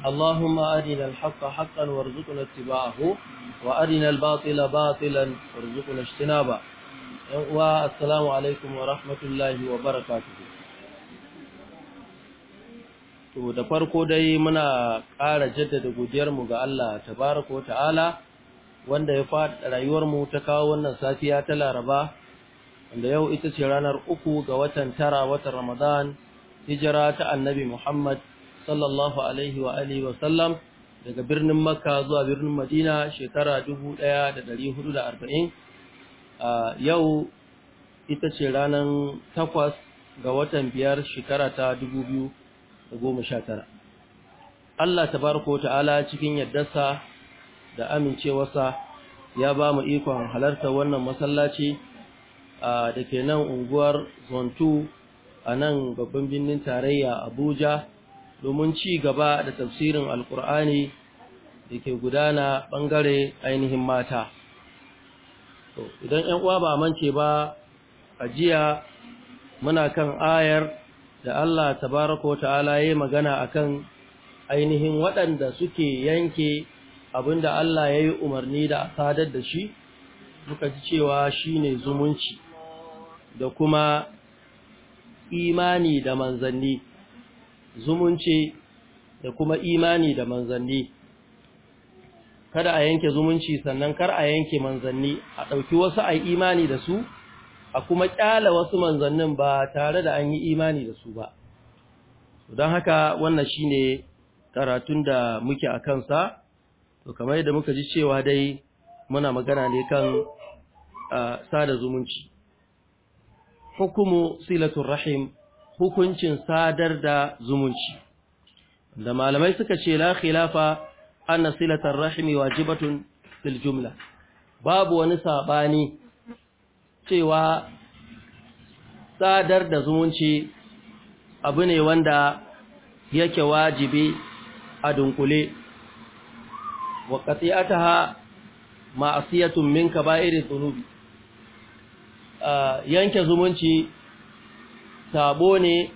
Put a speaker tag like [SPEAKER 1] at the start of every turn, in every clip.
[SPEAKER 1] اللهم أرنا الحق حقا وارزقنا اتباعه وأرنا الباطل باطلا وارزقنا اجتنابه والسلام عليكم ورحمة الله وبركاته to da farko dai muna ƙara jaddada godiyarmu ga Allah tabaraka wa ta'ala wanda ya faɗa rayuwarmu ta kawo wannan safiya ta Laraba wanda yau ita ce ranar uku ga watan tara watan Ramadan hijira ta Annabi Muhammad sallallahu alaihi wa alihi wa sallam daga birnin Makka zuwa birnin Madina shekara 1440 yau ita ce ranar takwas ga watan biyar shekara ta 2019 Allah Ta barko ta'ala cikin yaddarsa da amincewarsa ya ba mu ikon halarta wannan masallaci da ke nan unguwar Zontu a nan babban birnin tarayya Abuja domin ci gaba da tafsirin alkur'ani da ke gudana ɓangare ainihin mata idan ‘yan uwa ba mance ba ajiya muna kan ayar da Allah tabaraka wa ta'ala ya magana akan ainihin waɗanda suke yanke abinda Allah ya yi umarni da sadar da shi muka ji cewa shi ne zumunci da kuma imani da manzanni zumunci da kuma imani da manzanni kada a yanke zumunci sannan kar a yanke manzanni a ɗauki wasu a imani da su a kuma ƙyala wasu manzannin ba tare da an yi imani da su ba don haka wannan shi ne karatun da muke a kansa to kamar yadda muka ji cewa dai muna magana ne kan ah, sada zumunci hukumu silatun rahim hukuncin sadar da zumunci da malamai suka ce la khilafa anna silatar rahimi wajibatun fil jumla babu wani sabani cewa sadar da zumunci abu ne wanda yake wajibi a dunkule wa qati'ataha ma'asiyatun min kaba'iri dhunubi yanke zumunci sabo ne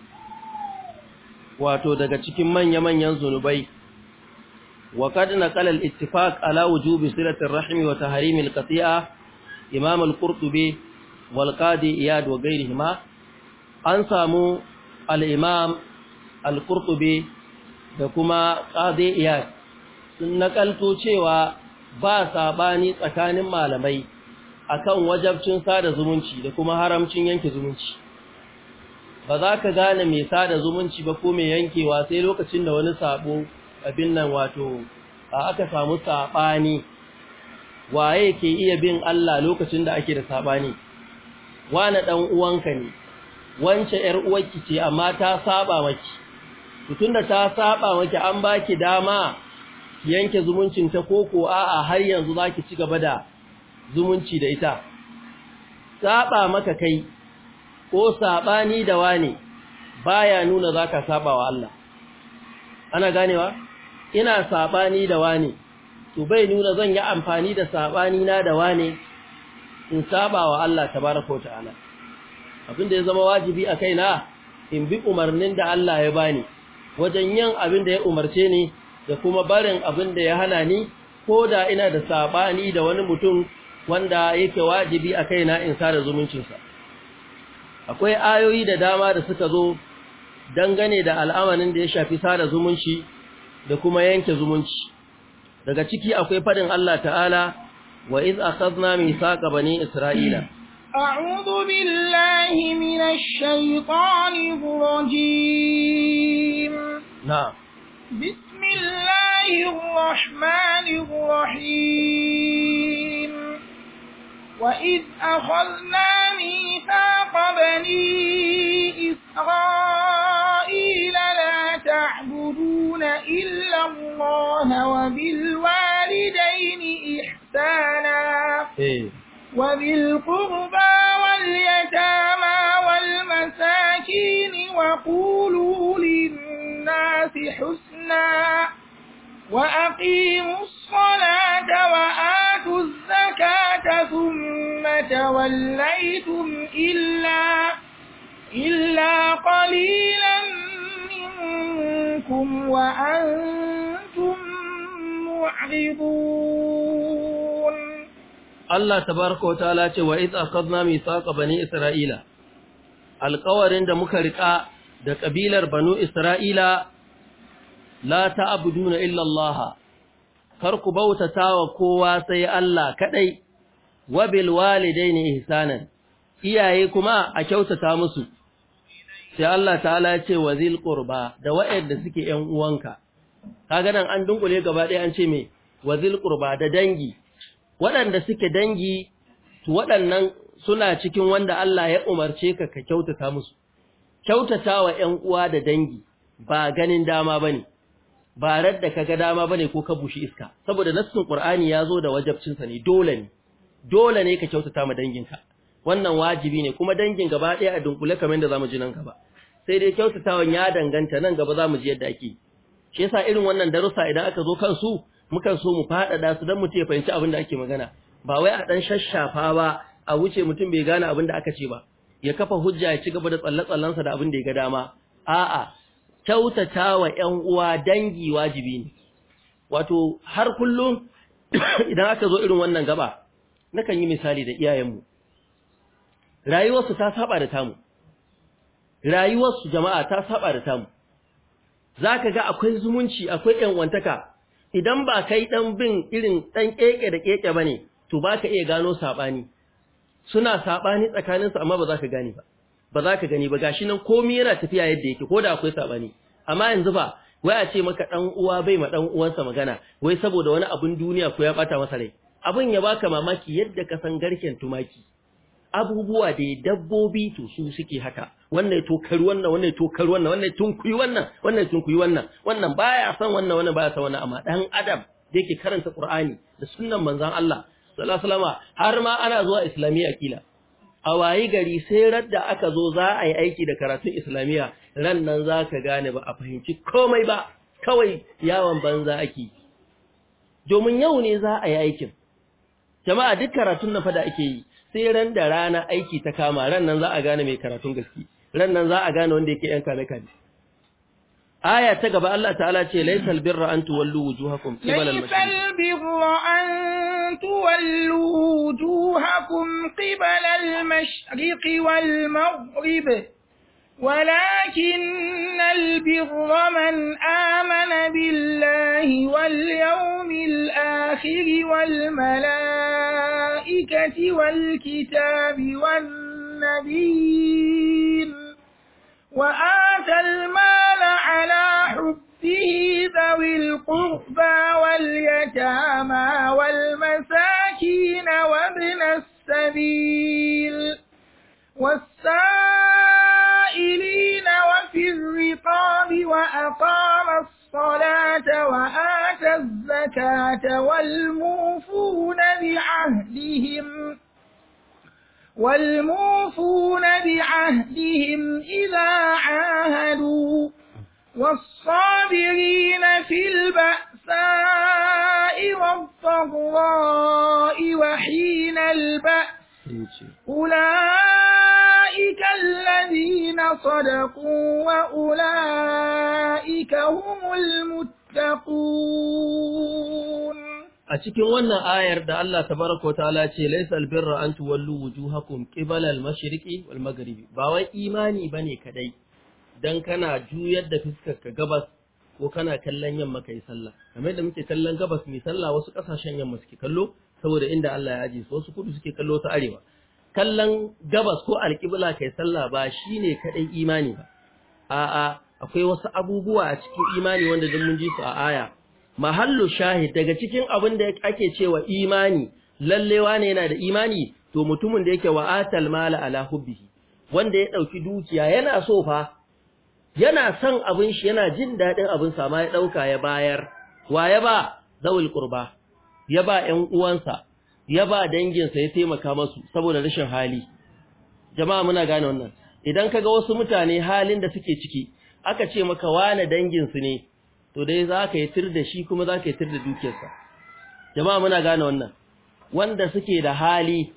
[SPEAKER 1] wato daga cikin manya-manyan zunubai wa kad naqala al-ittifaq ala wujubi silatir rahimi wa tahrimi al-qati'a imam al-qurtubi wal qadi iyad wa ghayrihima an samu al-imam al-qurtubi da kuma qadi iyad sun nakalto cewa ba sabani tsakanin malamai akan wajabcin sada zumunci da kuma haramcin yanke zumunci ba za ka gane mai sada zumunci ba ko mai yankewa sai lokacin da wani sabo abin nan wato aka samu sabani waye ke iya bin Allah lokacin da ake da sabani wane dan uwanka ne wance yar uwarki ce amma ta saba maki tun da ta saba maki an baki dama yanke zumuncin ta koko a'a har yanzu zaki ci gaba da zumunci da ita saba maka kai ko saɓani da wane baya nuna za saba wa Allah ana ganewa ina sabani da wane to bai nuna zan yi amfani da saɓani na da wane in saba wa Allah tabaraka ta'ala abin da ya zama wajibi a kaina in bi umarnin da Allah ya bani wajen yin abin da ya umarce ni da kuma barin abin da ya hana ni ko da ina da saɓani da wani mutum wanda yake wajibi a kaina in sada zumuncinsa akwai ayoyi da dama da suka zo dangane da al'amarin da ya shafi sada zumunci da kuma yanke zumunci daga ciki akwai fadin Allah ta'ala wa iz akhadna mithaqa bani isra'ila
[SPEAKER 2] a'udhu billahi minash shaitanir rajim na'am bismillahir rahmanir rahim وإذ أخذنا ميثاق بني إسرائيل لا تعبدون إلا الله وبالوالدين إحسانا إيه. وبالقربى واليتامى والمساكين وقولوا للناس حسنا وأقيموا الصلاة وآتوا الزكاة ثم توليتم إلا إلا قليلا منكم وأنتم معرضون
[SPEAKER 1] الله تبارك وتعالى وإذ أخذنا ميثاق بني إسرائيل القوارين da muka rika da kabilar banu Isra'ila la ta'buduna illa Allah kar ku bautata wa kowa sai Allah kadai wa bil walidaini ihsanan iyaye kuma a kyautata musu sai Allah ta'ala ya ce wa qurba da wa'anda suke yan uwanka kaga nan an dunkule gaba ɗaya an ce me wa qurba da dangi waɗanda suke dangi to waɗannan suna cikin wanda Allah ya umarce ka ka kyautata musu kyautatawa yan uwa da dangi ba ganin dama bane ba radda kaga dama bane ko ka bushi iska saboda nassin qur'ani zo da wajabcin sa ne dole ne dole ne ka kyautata ma ka. wannan wajibi ne kuma dangin gaba ɗaya a dunkule kamar yadda zamu ji nan gaba sai dai kyautatawan ya danganta nan gaba zamu ji yadda ake shi yasa irin wannan darussa idan aka zo kansu mukan so mu faɗaɗa su dan mu tafi fahimci abin da ake magana ba wai a dan shashafa ba a wuce mutum bai gane abin da aka ce ba ya kafa hujja ya ci gaba da tsalle-tsallensa da abin da ya ga dama a'a kyautata wa ‘yan uwa dangi wajibi ne, wato har kullum idan aka zo irin wannan gaba, nakan yi misali da iyayenmu, rayuwarsu ta saba da tamu, rayuwarsu jama'a ta saba da tamu, za ka ga akwai zumunci akwai 'yan ‘yan'wantaka, idan ba yi ɗan bin irin ɗan ƙeƙe da ƙeƙe ba ne, to ba ka iya gano saɓani, suna saɓani tsakaninsu amma ba za ka gane ba. ba za ka gani ba gashi nan komi yana tafiya yadda yake ko da akwai sabani amma yanzu ba wai a ce maka dan uwa bai ma dan uwansa magana wai saboda wani abun duniya ko ya bata masa rai abun ya baka mamaki yadda ka san garken tumaki abubuwa da dabbobi to su suke haka wannan to kar wannan wannan to kar wannan wannan tunkuyi wannan wannan tunkuyi wannan wannan baya san wannan wannan baya san wannan amma dan adam da yake karanta qur'ani da sunnan manzon Allah sallallahu alaihi wasallam har ma ana zuwa islamiyya kila a wayi gari sai radda aka zo za a yi aiki da karatun islamiyya ran nan za ka gane ba a fahimci komai ba kawai yawon banza ake yi. domin yau ne za a yi aikin jama'a duk karatun na fada ake yi sai ran da rana aiki ta kama ran nan za a gane mai karatun gaske ran nan za a gane wanda yake yan kame آية تقبل الله تعالى ليس البر أن تولوا وجوهكم قبل المشرق ليس
[SPEAKER 2] البر أن تولوا وجوهكم قبل المشرق والمغرب ولكن البر من آمن بالله واليوم الآخر والملائكة والكتاب والنبيين وآتى المال على حبه ذوي القربى واليتامى والمساكين وابن السبيل والسائلين وفي الرقاب وأقام الصلاة وآتى الزكاة والموفون بعهدهم والموفون بعهدهم إذا عاهدوا والصابرين في البأساء والضراء وحين البأس أولئك الذين صدقوا وأولئك هم المتقون
[SPEAKER 1] a cikin wannan ayar da Allah tabaraka wataala ce laysa albirra an tuwallu wujuhakum qibala al-mashriqi wal maghribi ba wai imani bane kadai dan kana juyar da fuskar ka gabas ko kana kallon yamma kai sallah kamar yadda muke kallon gabas mai sallah wasu kasashen yamma suke kallo saboda inda Allah ya aje wasu kudu suke kallo ta arewa kallon gabas ko alƙibla kai sallah ba shine kadai imani ba a'a akwai wasu abubuwa a cikin imani wanda dan mun ji su a aya mahallu shahid daga cikin abin da ake cewa imani lallewa ne yana da imani to mutumin da yake wa'atal mala ala hubbihi wanda ya dauki dukiya yana so fa yana son abin shi yana jin dadin abin sa ma ya dauka ya bayar wa ya ba zawil qurba ya ba ɗan uwansa ya ba danginsa ya taimaka masu saboda rashin hali jama'a muna gane wannan idan kaga wasu mutane halin da suke ciki aka ce maka wane dangin su ne to dai za ka yi tir da shi kuma za ka yi tir da dukiyarsa jama'a muna gane wannan wanda suke da hali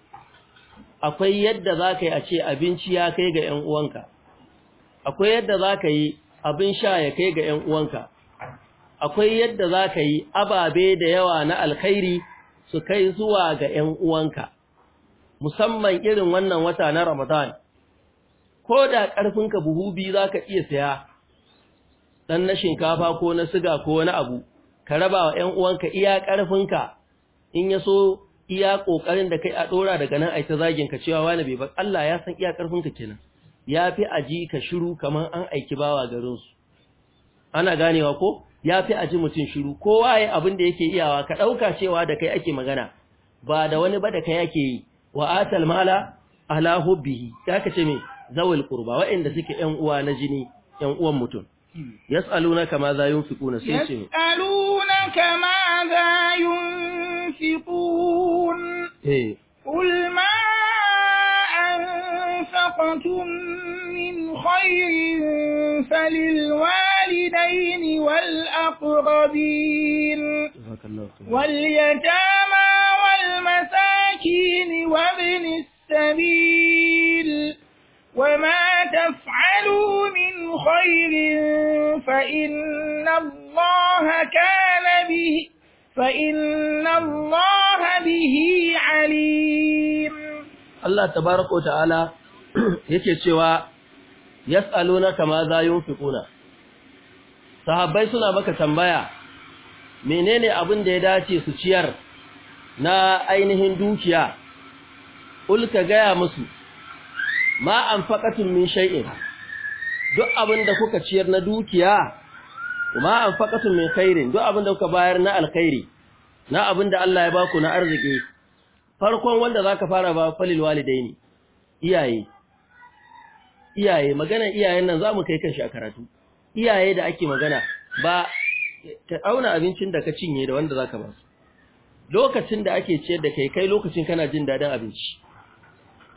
[SPEAKER 1] akwai yadda za ka yi a ce abinci ya kai ga ‘yan uwanka akwai yadda za ka yi abin sha ya kai ga ‘yan uwanka akwai yadda za ka yi ababe da yawa na alkhairi su kai zuwa ga ‘yan uwanka musamman irin wannan wata na ramadan ko da ƙarfinka buhu biyu za ka iya saya dan na shinkafa ko na siga ko wani abu ka raba wa ƴan uwanka iya ƙarfinka in ya so iya ƙoƙarin da kai a ɗora daga nan a ta zagin ka cewa wani bai ba Allah ya san iya ƙarfinka kenan ya fi aji ka shiru kamar an aiki bawa garin su ana ganewa ko ya fi aji mutum shiru kowa ya abin da yake iyawa ka ɗauka cewa da kai ake magana ba da wani ba da kai ake yi wa atal mala ala hubbihi ya ka ce me zawil qurba waɗanda suke ƴan uwa na jini ƴan uwan mutum يسألونك ماذا ينفقون
[SPEAKER 2] يسألونك ماذا ينفقون إيه. قل ما أنفقتم من خير فللوالدين والأقربين واليتامى والمساكين وابن السبيل وما تفعلوا من خير فإن الله كان به
[SPEAKER 1] فإن
[SPEAKER 2] الله به عليم
[SPEAKER 1] الله تبارك وتعالى yake cewa yas'alunaka kama za yunfiquna sahabbai suna maka tambaya menene abin da ya dace su ciyar na ainihin dukiya ulka gaya musu ma anfaqatum min shay'in duk abin da kuka ciyar na dukiya ma anfaqatum min khairin duk abin da kuka bayar na alkhairi na abin da Allah ya baku na arziki farkon wanda zaka fara ba falil walidaini iyaye iyaye magana iyayen nan zamu kai kan shi a karatu iyaye da ake magana ba ka auna abincin da ka cinye da wanda zaka ba lokacin da ake ciyar da kai kai lokacin kana jin dadin abinci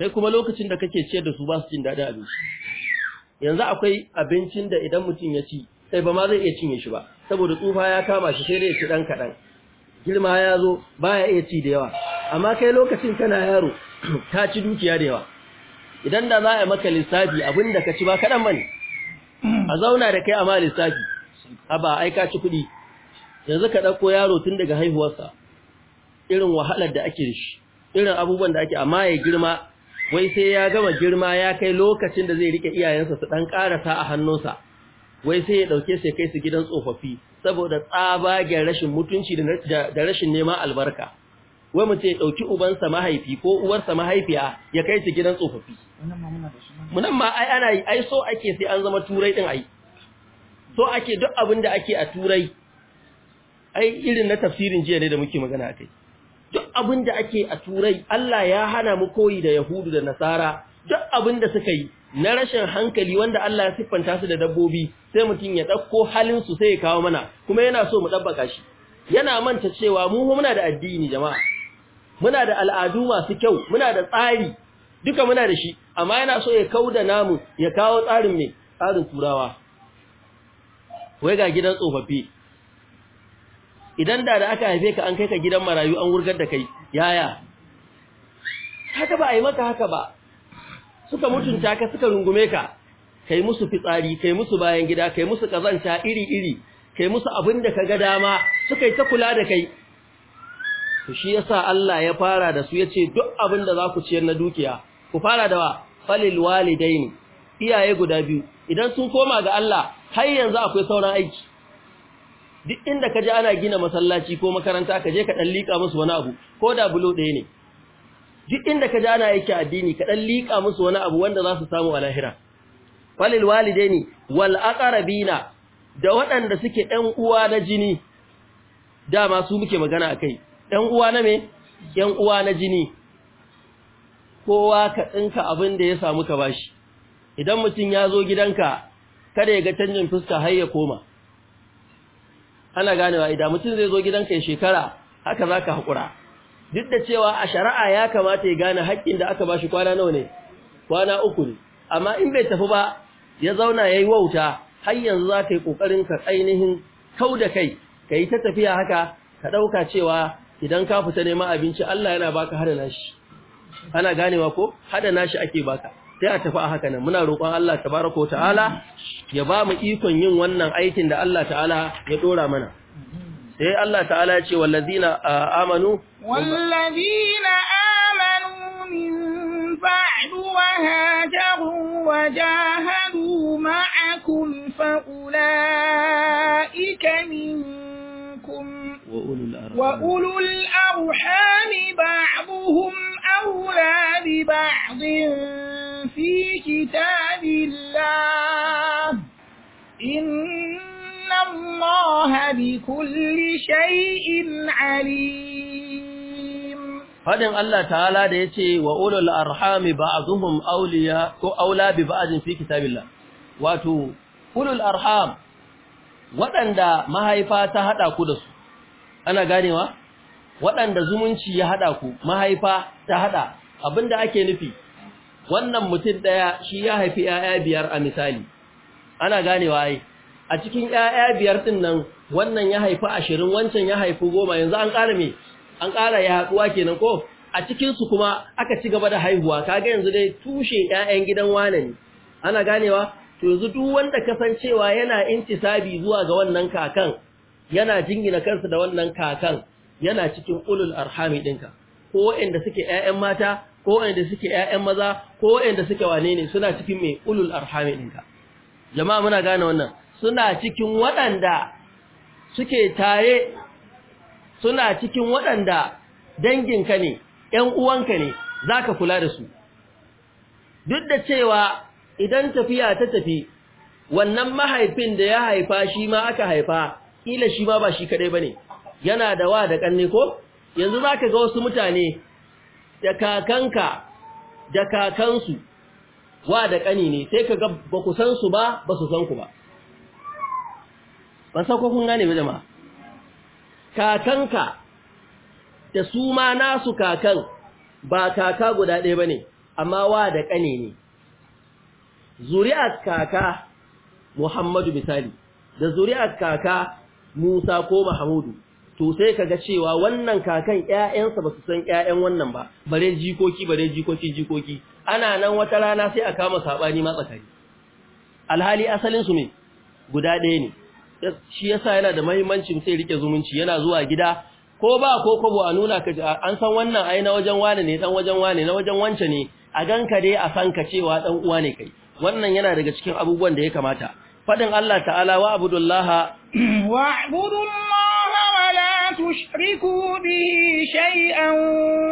[SPEAKER 1] sai kuma lokacin da kake ciyar da su ba su jin daɗin abinci yanzu akwai abincin da idan mutum ya ci sai ba ma zai iya cinye shi ba saboda tsufa ya kama shi sai dai ya ci ɗan kaɗan girma ya zo baya iya ci da yawa amma kai lokacin kana yaro ka ci dukiya da yawa idan da za a maka lissafi abin da ka ci ba kaɗan ba ne a zauna da kai a ma lissafi a ba ai ka ci kuɗi yanzu ka ɗauko yaro tun daga haihuwarsa irin wahalar da ake da shi irin abubuwan da ake amma ya girma wai sai ya gama girma ya kai lokacin da zai rike iyayensa su dan karasa a hannunsa wai sai ya dauke sai kai su gidan tsofaffi saboda tsabagen rashin mutunci da rashin neman albarka wai mu ce dauki ubansa mahaifi ko uwarsa mahaifiya ya kai su gidan tsofaffi munan ma ai ana yi ai so ake sai an zama turai din ai so ake duk abin da ake a turai ai irin na tafsirin jiya ne da muke magana akai abin da ake a turai Allah ya hana mu koyi da yahudu da nasara duk abin da suka yi na rashin hankali wanda Allah ya siffanta su da dabbobi sai mutum ya ɗauko halinsu sai ya kawo mana kuma yana so mu ɗabbaka shi yana manta cewa mu muna da addini jama'a muna da al'adu masu kyau muna da tsari duka muna da shi amma yana so ya kauda namu ya kawo tsarin mai tsarin turawa wai ga gidan tsofaffi idan da da aka haife ka an kai ka gidan marayu an wurgar da kai yaya haka ba a yi maka haka ba suka mutunta ka suka rungume ka kai musu fitsari kai musu bayan gida kai musu kazanta iri-iri kai musu abin da ka ga dama suka yi ta kula da kai to shi yasa Allah ya fara da su ce duk abin da za ku ciyar na dukiya ku fara da wa falil walidaini iyaye guda biyu idan sun koma ga Allah har yanzu akwai sauran aiki duk inda ka ji ana gina masallaci ko makaranta ka je ka dan liƙa musu wani abu ko da bulo ɗaya ne duk inda ka ji ana yake addini ka dan liƙa musu wani abu wanda za su samu a lahira falil walidaini wal aqrabina da waɗanda suke ɗan uwa na jini dama su muke magana akai ɗan uwa na me ɗan uwa na jini kowa ka tsinka abin da ya samu ka bashi idan mutum ya zo gidanka kada ya ga canjin fuska har ya koma ana ganewa idan mutum zai zo gidanka ya shekara haka zaka hakura duk da cewa a shari'a ya kamata ya gane haƙƙin da aka bashi kwana nawa ne kwana uku ne amma in bai tafi ba ya zauna yayi yi wauta har yanzu za ka yi ƙoƙarin ka ainihin kau da kai ka yi ta tafiya haka ka ɗauka cewa idan ka fita neman abinci Allah yana baka hada nashi ana ganewa ko hada nashi ake baka sai a tafi a haka nan muna roƙon Allah tabaraka ta'ala ya ba mu ikon yin wannan aikin da Allah ta'ala ya dora mana sai Allah ta'ala ya ce wallazina amanu wallazina amanu
[SPEAKER 2] min ba'du wa hajaru wa jahadu ma'akum fa ulaika minkum wa ulul arham ba'dhum awla bi ba'dhin في كتاب الله إن الله بكل شيء عليم
[SPEAKER 1] فدن الله تعالى da yace wa ulul arhami ba'dhum awliya ko aula bi jin fi kitabillah wato ulul arham waɗanda mahaifa ta haɗa ku da su, ana ganewa? Waɗanda zumunci ya haɗa ku, mahaifa ta haɗa, abinda ake nufi, wannan mutum ɗaya shi ya haifi ‘ya'ya biyar a misali ana ganewa ai a cikin ‘ya'ya biyar ɗin nan wannan ya haifi ashirin wancan ya haifi goma yanzu an ƙara me an ƙara ya haɗuwa kenan ko a cikinsu kuma aka ci gaba da haihuwa kaga yanzu dai tushe ‘ya'yan gidan wane ne ana ganewa to yanzu duk wanda kasancewa yana intisabi zuwa ga wannan kakan yana jingina kansa da wannan kakan yana cikin ulul arhami ɗinka ko waɗanda suke ‘ya'yan mata ko wanda suke ƴaƴan maza ko wanda suke wane ne suna cikin mai ulul arhami ɗinka jama'a muna gane wannan suna cikin waɗanda suke tare suna cikin waɗanda danginka ne 'yan uwanka ne zaka kula da su duk da cewa idan tafiya ta tafi wannan mahaifin da ya haifa shi ma aka haifa kila shi ma ba shi kadai bane yana da wa da kanne ko yanzu zaka ga wasu mutane da kakanka da kakansu wa da ƙani ne sai ka ga ba ku san su ba ba su san ku ba ban san ko kun gane ba jama'a kakanka da su ma nasu kakan ba kaka guda ɗaya ba ne amma wa da ƙani ne zuri'ar kaka muhammadu misali da zuri'ar kaka musa ko Mahmudu. to sai kaga cewa wannan kakan ƴaƴansa ba su san ƴaƴan wannan ba bare jikoki bare jikoki jikoki ana nan wata rana sai a kama sabani ma tsakani alhali asalin su ne guda ɗaya ne shi yasa yana da muhimmanci sai rike zumunci yana zuwa gida ko ba ko kobo a nuna ka an san wannan ai na wajen wane ne dan wajen wane na wajen wance ne a ganka dai a san ka cewa dan uwa ne kai wannan yana daga cikin abubuwan da ya kamata fadin Allah ta'ala wa abudullaha
[SPEAKER 2] wa abudullaha تشركوا به شيئا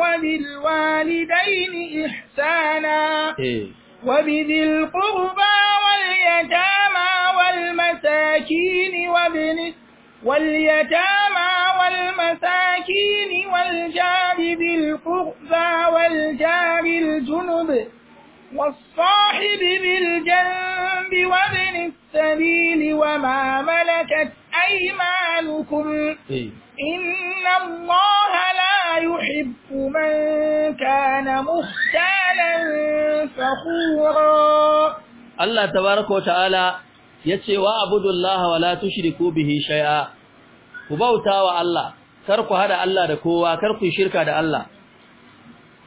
[SPEAKER 2] وبالوالدين إحسانا إيه. وبذي القربى واليتامى والمساكين وابن واليتامى والمساكين والجار ذي القربى والجار الجنب والصاحب بالجنب وابن السبيل وما ملكت أيمانكم إن الله لا يحب من كان مختالا فخورا
[SPEAKER 1] الله تبارك وتعالى yace wa abudullaha wala tushriku bihi shay'a ku bauta wa Allah kar ku hada Allah da kowa kar ku shirka da Allah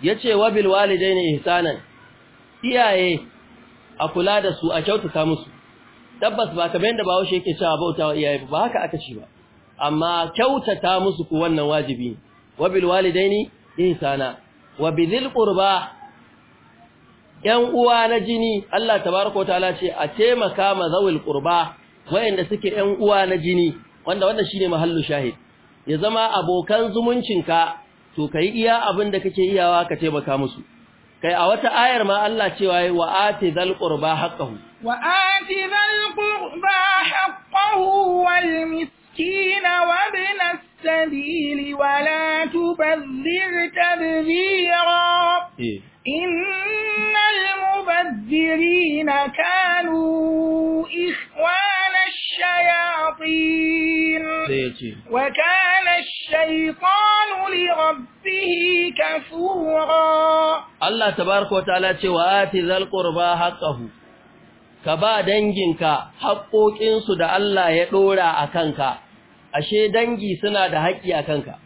[SPEAKER 1] yace wa bil walidaini ihsanan iyaye a kula da su a kyautata musu tabbas ba kamar yadda bawo shi yake cewa bautawa iyaye ba haka aka ce ba amma kyautata musu ku wannan wajibi wa bil walidaini ihsana wa bidhil qurba yan uwa na jini Allah tabaaraka ta'ala ce a taimaka ma zawil qurba wayanda suke yan uwa na jini wanda wannan shine mahallu shahid ya zama abokan zumuncinka to kai iya abin da kake iyawa ka taimaka musu kai a wata ayar ma Allah cewa wa ati zal qurba haqqahu
[SPEAKER 2] وآت ذا القربى حقه والمسكين وابن السبيل ولا تبذر تبذيرا إيه. إن المبذرين كانوا إخوان الشياطين وكان الشيطان لربه كفورا
[SPEAKER 1] الله تبارك وتعالى وآت ذا القربى حقه ka ba danginka haƙoƙinsu da Allah ya ɗora a kanka ashe dangi suna da haƙƙi a kanka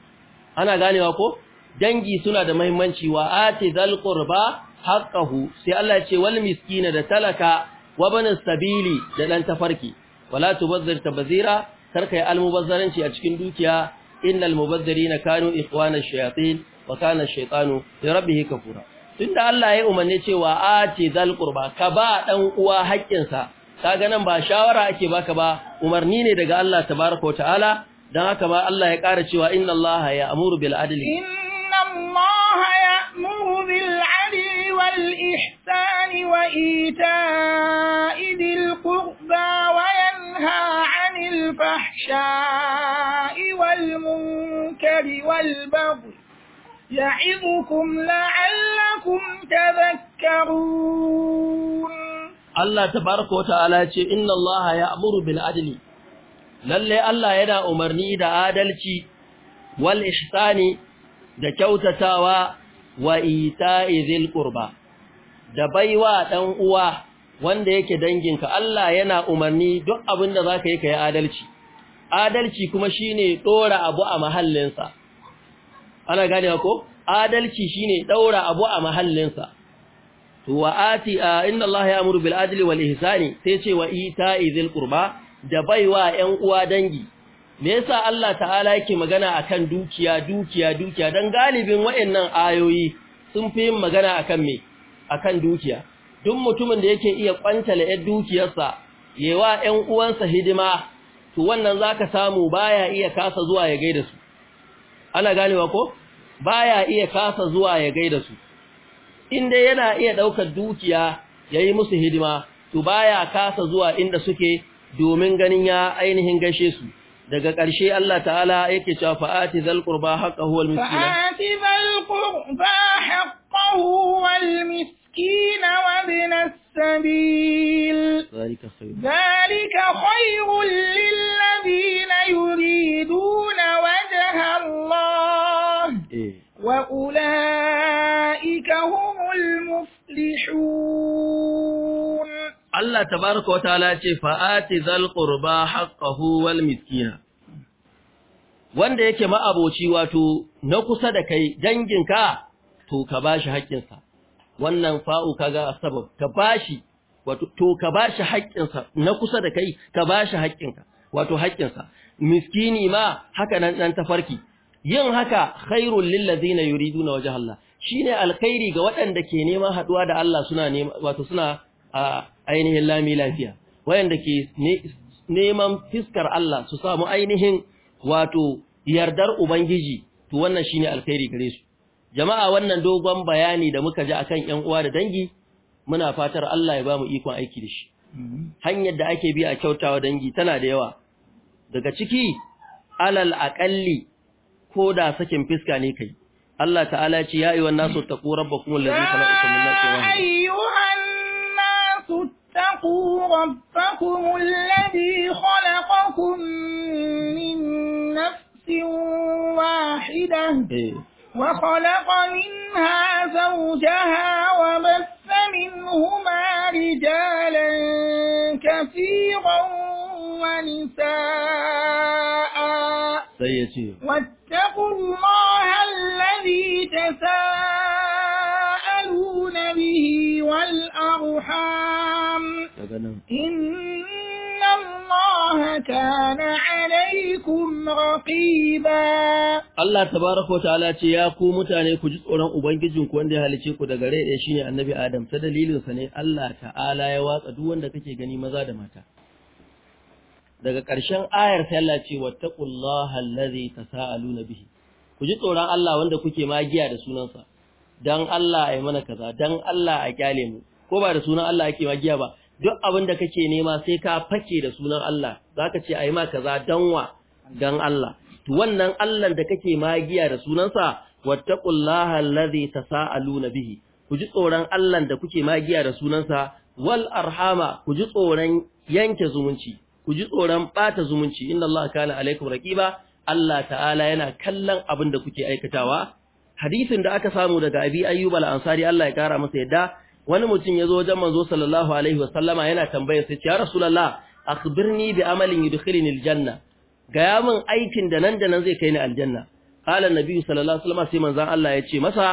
[SPEAKER 1] ana ganewa ko dangi suna da mahimmanci wa ati zal ba haƙahu, sai Allah ce wal miskina da talaka wa sabili da ɗan tafarki wala ta Kar karkai yi almubazzaranci a cikin dukiya innal na kanu ikhwana ash-shayatin wa kanar shaitanu, shaytanu rabbi kafura tunda Allah ya umarni cewa ati zal qurba ka ba dan uwa haƙƙinsa kaga nan ba shawara ake baka ba umarni ne daga Allah tabaaraka ta'ala dan haka ba Allah ya ƙara cewa inna Allah ya'muru bil adli inna
[SPEAKER 2] Allah ya'muru bil adli wal ihsani wa ita'i dil qurba wa yanha 'anil fahsha'i wal munkari wal baghi يعظكم لعلكم تذكرون
[SPEAKER 1] الله تبارك وتعالى ce innallaha Allah muru bil adli lalle Allah yana umarni da adalci wal ihsani da kyautatawa wa ita'i zil qurba da baiwa dan uwa wanda yake danginka Allah yana umarni duk abin da zaka yi ka yi adalci adalci kuma shine dora abu a mahallinsa ana gane ko adalci shine daura abu a mahallinsa to wa ati inna allaha ya'muru bil adli wal ihsani sai ce wa ita'i qurba da baiwa ƴan uwa dangi me yasa Allah ta'ala yake magana akan dukiya dukiya dukiya dan galibin waannan ayoyi sun fi yin magana akan me akan dukiya duk mutumin da yake iya kwantala ɗan dukiyarsa yewa ƴan uwansa hidima to wannan zaka samu baya iya kasa zuwa ya gaida su ana ganewa ko baya iya kasa zuwa ya gaida su in dai yana iya daukar dukiya yayi musu hidima to baya kasa zuwa inda suke domin ganin ya ainihin gaishe su daga ƙarshe Allah ta'ala yake cewa fa'ati zal qurba haqqahu wal miskin fa'ati
[SPEAKER 2] zal qurba haqqahu wal miskin والمسكين وابن السبيل ذلك خير, ذلك خير للذين يريدون وجه
[SPEAKER 1] الله إيه؟
[SPEAKER 2] وأولئك هم المفلحون
[SPEAKER 1] الله تبارك وتعالى فآت ذا القربى حقه والمسكين wanda yake ma'aboci wato na kusa da kai danginka to ka bashi haƙƙinsa wannan fa'u kaga sabab ka ba shi, to ka shi haƙƙinsa na kusa da kai ka bashi haƙƙinka wato haƙƙinsa miskini ma haka nan ɗan tafarki yin haka lillazi na ladina na waje Allah ne alkhairi ga waɗanda ke neman haɗuwa da Allah suna wato suna ainihin lami lafiya waɗanda ke neman fiskar Allah su samu ainihin wato yardar ubangiji to wannan shine alkhairi gare su jama'a wannan dogon bayani da muka ji akan ƴan uwa da dangi muna fatar Allah ya ba mu ikon aiki da shi hanyar da ake bi a kyautawa dangi tana da yawa daga ciki alal aqalli ko da sakin fiska ne kai Allah ta'ala ce ya ayyuhan nasu taqu rabbakum allazi khalaqakum min
[SPEAKER 2] nafsin wahida ayyuhan nasu taqu rabbakum allazi khalaqakum min nafsin wahidah eh. وخلق منها زوجها وبث منهما رجالا كثيرا ونساء واتقوا الله الذي تساءلون به والأرحام الله كان عليكم رقيبا
[SPEAKER 1] الله تبارك وتعالى يا ku mutane ku ji tsoron ubangijin ku wanda ya halice ku daga rai shi shine annabi Adam ta dalilin sa ne Allah ta'ala ya watsa duk wanda kake gani maza da mata daga ƙarshen ayar sai Allah ce wattaqullaha allazi tasaaluna bihi ku ji tsoron Allah wanda kuke giya da sunansa dan Allah ai mana kaza dan Allah a kyale mu ko ba da sunan Allah ake giya ba duk abin da kake nema sai ka fake da sunan Allah zaka ce ayi ma kaza danwa dan Allah to wannan Allah da kake magiya da sunansa wattaqullaha allazi tasaaluna bihi ku ji tsoron Allah da kuke magiya da sunansa wal arhama ku ji tsoron yanke zumunci ku ji tsoron bata zumunci inna Allah kana alaikum raqiba Allah ta'ala yana kallon abin da kuke aikatawa hadisin da aka samu daga Abi Ayyub al-Ansari Allah ya kara masa yadda wani mutum ya zo wajen manzo sallallahu alaihi sallama yana tambayar sai ce ya rasulullah akhbirni bi amalin yudkhilni aljanna gaya min aikin da nan da nan zai kai ni aljanna qala annabi sallallahu alaihi sallama sai manzon Allah ya ce masa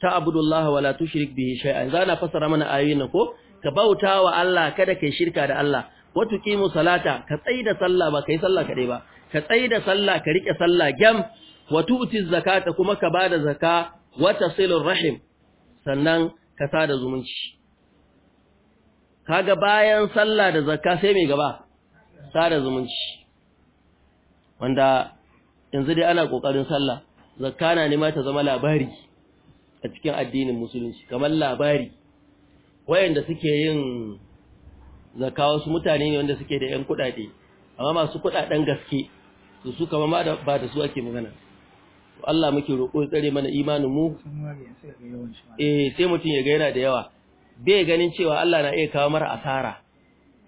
[SPEAKER 1] ta'budullaha wala tushrik bihi shay'an zana fasara mana ayoyin ko ka bauta wa Allah kada kai shirka da Allah wa tuqimu salata ka tsaida sallah ba kai sallah kadai ba ka tsaida sallah ka rike sallah gam wa tu'ti zakata kuma ka bada da wa tasilur rahim sannan ka sada zumunci kaga bayan sallah da zakka sai mai gaba sada zumunci wanda yanzu dai ana kokarin sallah zakka na nema ta zama labari a cikin addinin musulunci kamar labari wayanda suke yin zakka wasu mutane ne wanda suke da yan kuɗaɗe, amma masu kuɗaɗen gaske su su kama ba da su ake magana Allah muke roƙo tsare mana imanin mu eh sai mutum ya ga yana da yawa bai ganin cewa Allah na iya kawo mara asara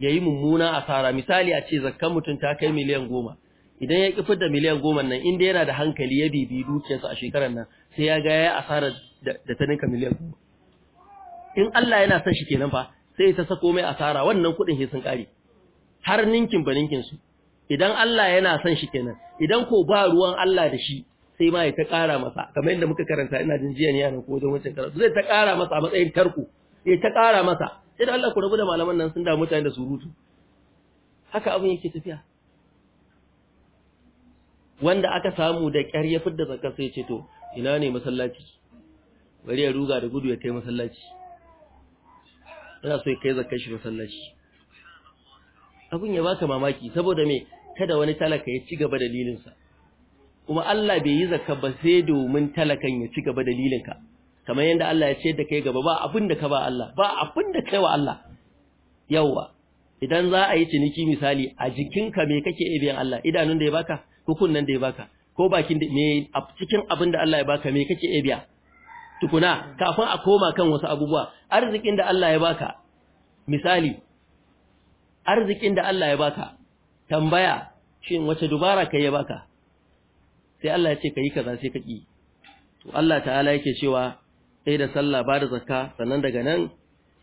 [SPEAKER 1] yayi mummuna asara misali a ce zakkan mutum ta kai miliyan goma idan ya kifi da miliyan goma nan inda yana da hankali ya bibi sa a shekarar nan sai ya ga ya asara da ta ninka miliyan 10 in Allah yana son shi kenan fa sai ta sako mai asara wannan kuɗin shi sun ƙare har ninkin ba ninkin su idan Allah yana son shi kenan idan ko ba ruwan Allah da shi sai ma ya ta ƙara masa kamar yadda muka karanta ina jin jiya ne yana ko wajen wancan karatu zai ta ƙara masa a matsayin tarko ya ta ƙara masa idan Allah ku rabu da malaman nan sun da mutane da surutu haka abin yake tafiya wanda aka samu da ƙyar ya fidda zakar sai ce to ina ne masallaci bari ya ruga da gudu ya kai masallaci ina so ya kai zakar shi masallaci abin ya baka mamaki saboda me kada wani talaka ya ci gaba dalilinsa kuma Allah bai yi zakka ba sai domin talakan ya ci gaba dalilinka kamar yadda Allah ya ce da kai gaba ba abin da ka ba Allah ba abin da kai wa Allah yawa idan za a yi ciniki misali a jikinka me kake biyan Allah idanun da ya baka hukunnan da ya baka ko bakin da me a cikin abin da Allah ya baka me kake biya tukuna kafin a koma kan wasu abubuwa arzikin da Allah ya baka misali arzikin da Allah ya baka tambaya shin wace dubara kai ya baka sai Allah ya ce yi kaza sai ka ki to Allah ta'ala yake cewa sai da sallah ba da zakka sannan daga nan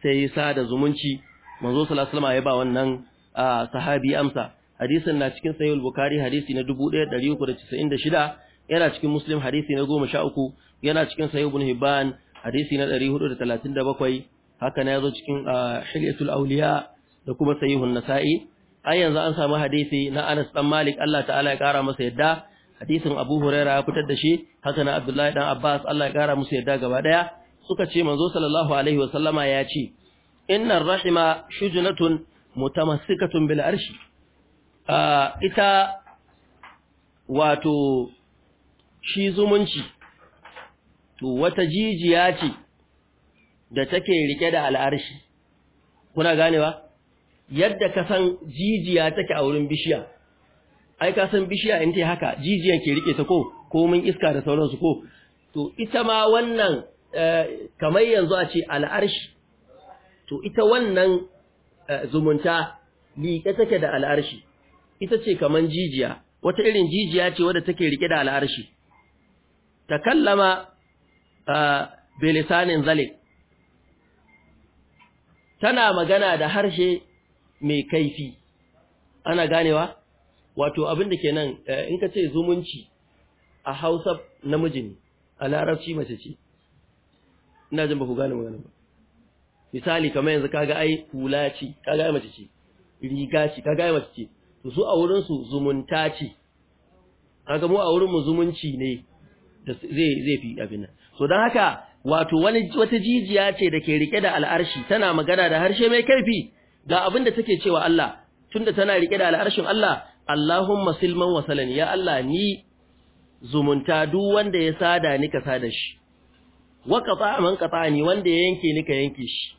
[SPEAKER 1] sai yi sa da zumunci manzo sallallahu alaihi wasallam ya ba wannan sahabi amsa hadisin na cikin sahih al-bukhari hadisi na 1396 yana cikin muslim hadisi na 13 yana cikin sahih ibn hibban hadisi na 437 haka na yazo cikin hilyatul awliya da kuma sahihun nasa'i ai yanzu an samu hadisi na Anas dan Malik Allah ta'ala ya kara masa yadda hadisin Abu Huraira ya fitar da shi haka na Abdullahi dan Abbas Allah ya kara musu yadda gaba daya suka ce manzo sallallahu alaihi wa sallama ya ce innar rahima shujnatun mutamassikatun bil arshi ita wato shi zumunci to wata jijiya ce da take rike da al'arshi kuna ganewa yadda ka san jijiya take a wurin bishiya ai ka san bishiya in tai haka jijiyan ke rike ta ko mun iska da sauransu ko to ita ma wannan eh, kamar yanzu a ce al'arshi to ita wannan eh, zumunta liƙe take da al'arshi ita ce kaman jijiya wata irin jijiya ce wadda take rike da al'arshi ta kallama eh, belisanin zalik tana magana da harshe mai kaifi ana ganewa wato abin da kenan eh, in ka ce zumunci a Hausa namiji ne a Larabci mace ce ina jin ba ku gane magana ba misali kamar yanzu kaga ai hula ce kaga ai mace ce riga ce kaga ai mace ce to su a wurin su zumunta ce kaga mu a wurin mu zumunci ne da zai zai fi abin nan so dan haka wato wani wata jijiya ce da ke rike da al'arshi tana magana da harshe mai kaifi ga abin da take cewa Allah tunda tana rike da al'arshin Allah Allahumma silman wasalan ya Allah ni zumunta duk wanda ya sada ni ka sada shi wa qata man qata ni wanda ya yanke ni ka yanke shi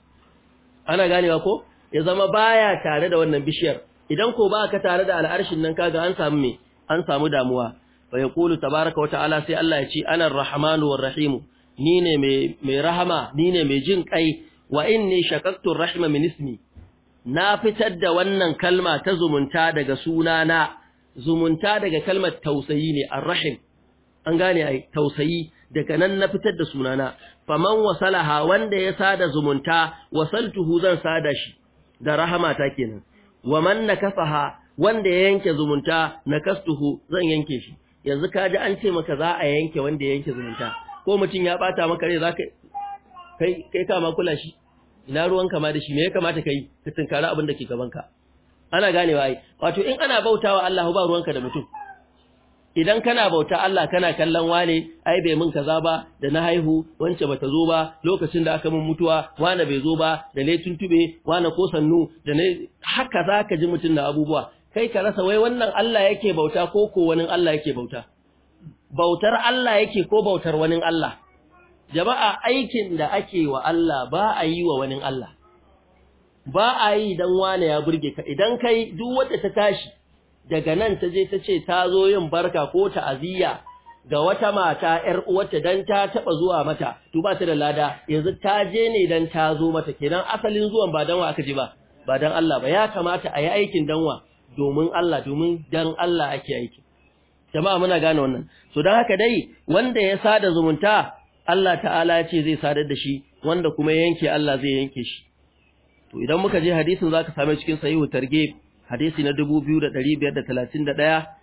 [SPEAKER 1] ana ganewa ko ya zama baya tare da wannan bishiyar idan ko ba ka tare da al'arshin nan kaga an samu me an samu damuwa fa yaqulu tabaaraka wa ta'ala sai Allah ya ce ana arrahmanu rahmanu war ni ne mai rahama ni ne mai jin kai wa inni shaqaqtu arrahma rahma min ismi na fitar da wannan kalma ta zumunta daga sunana zumunta daga kalmar tausayi ne arrahim an gane ai tausayi daga nan na fitar da suna na faman wasalaha wanda ya sada zumunta wasaltuhu zan sada shi da rahama ta kenan waman nakafaha wanda ya yanke zumunta nakastuhu zan yanke shi yanzu ka ji an ce maka za a yanke wanda ya yanke zumunta ko mutum ya ɓata maka rai zaka kai kai kama kula shi ina ruwan kama da shi me ya kamata kai ka tunkari abin da ke gabanka ana ganewa ai wato in ana bautawa Allah ba ruwanka da mutum idan kana bauta Allah kana kallon wane ai bai mun kaza ba da na haihu wance bata zo ba lokacin da aka mun mutuwa wane bai zo ba da ne tuntube wane ko sannu da ne haka zaka ji mutun da abubuwa kai ka rasa wai wannan Allah yake bauta ko ko wani Allah yake bauta bautar Allah yake ko bautar wani Allah jama'a aikin da ake wa Allah ba a yi wa wani Allah ba a yi dan wane ya burge ka idan kai duk wanda ta tashi daga nan ta je ta ce ta zo yin barka ko ta'aziyya ga wata mata 'yar uwarta dan ta taba zuwa mata to ba ta da lada yanzu ta je ne dan ta zo mata kenan asalin zuwan ba dan wa aka ji ba ba dan Allah ba ya kamata a yi aikin dan wa domin Allah domin dan Allah ake aiki jama'a muna gane wannan to dan haka dai wanda ya sada zumunta Allah ta'ala ya ce zai sadar da shi wanda kuma yanke Allah zai yanke shi to idan muka je hadisin zaka same cikin sahihu targe, hadisi na 2531 hadisi ne da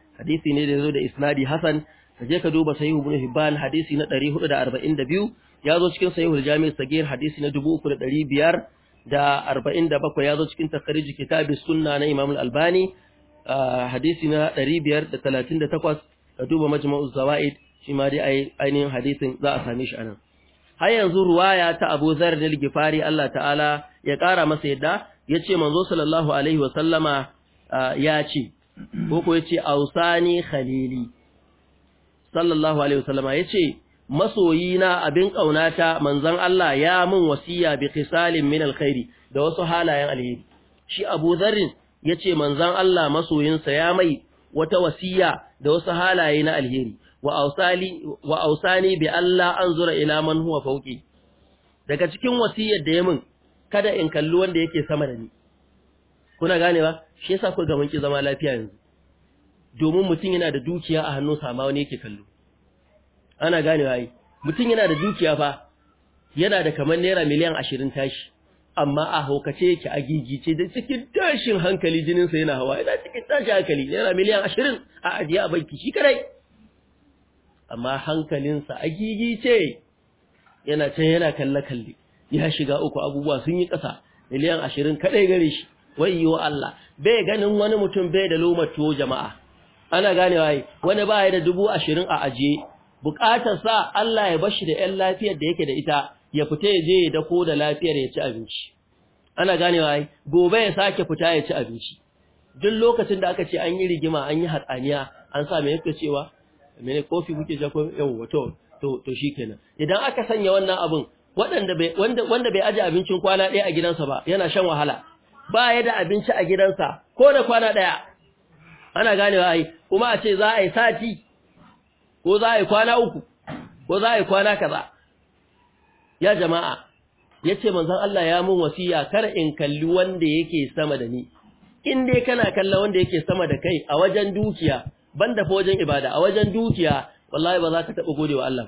[SPEAKER 1] yazo da isnadi hasan kaje ka duba sahihu ibn hibban hadisi na 442 yazo cikin sahihul jami' sagir hadisi na uku da ya yazo cikin takhrij kitabis sunna na imam al-albani ah, hadisi na 538 ka duba majma'uz zawaid shi ma dai ainihin hadisin za a same shi anan har yanzu ruwaya ta Abu Zar da Gifari Allah ta'ala ya ƙara masa yadda ya ce manzo sallallahu alaihi wa sallama ya ce ko ko ce ausani khalili sallallahu alaihi wa sallama ya yace masoyina abin kaunata manzon Allah ya mun wasiya bi khisalin min alkhairi da wasu halayen alheri shi Abu Zar yace manzon Allah masoyinsa ya mai wata wasiya da wasu halaye na alheri wa ausani bi Allah an zura ila man huwa daga cikin wasiyar da ya min kada in kalli wanda yake sama da ni kuna gane ba shi yasa ku ga mun zama lafiya yanzu domin mutum yana da dukiya a hannun sama wani yake kallo ana gane wai mutum yana da dukiya fa yana da kamar naira miliyan 20 tashi amma a haukace yake a da cikin tashin hankali jinin sa yana hawa yana cikin tashin hankali naira miliyan 20 a ajiya a banki shi kadai amma hankalinsa a ce, yana can yana kalle-kalle ya shiga uku abubuwa sun yi ƙasa miliyan ashirin kaɗai gare shi Wai, yi wa Allah bai ganin wani mutum bai da lomato jama'a ana ganewa waye wani ba ya da dubu ashirin a ajiye sa Allah ya bashi da ‘yan lafiyar da yake da ita ya fita ya je ya dako da lafiyar ya ci abinci ana ganewa waye gobe ya sake fita ya ci abinci duk lokacin da aka ce an yi rigima an yi hatsaniya an sa mai yake cewa mene kofi kuke sha ko yawa to to to shikenan idan aka sanya wannan abin wanda bai wanda wanda bai aje abincin kwana ɗaya a gidansa ba yana shan wahala ba ya da abinci a gidansa ko da kwana ɗaya ana ganewa ai kuma a ce za a yi sati ko za a yi kwana uku ko za a yi kwana kaza ya jama'a yace manzon Allah ya mun wasiya kar in kalli wanda yake sama da ni in dai kana kalla wanda yake sama da kai a wajen dukiya banda fa wajen ibada a wajen dukiya wallahi ba za ka taba gode wa Allah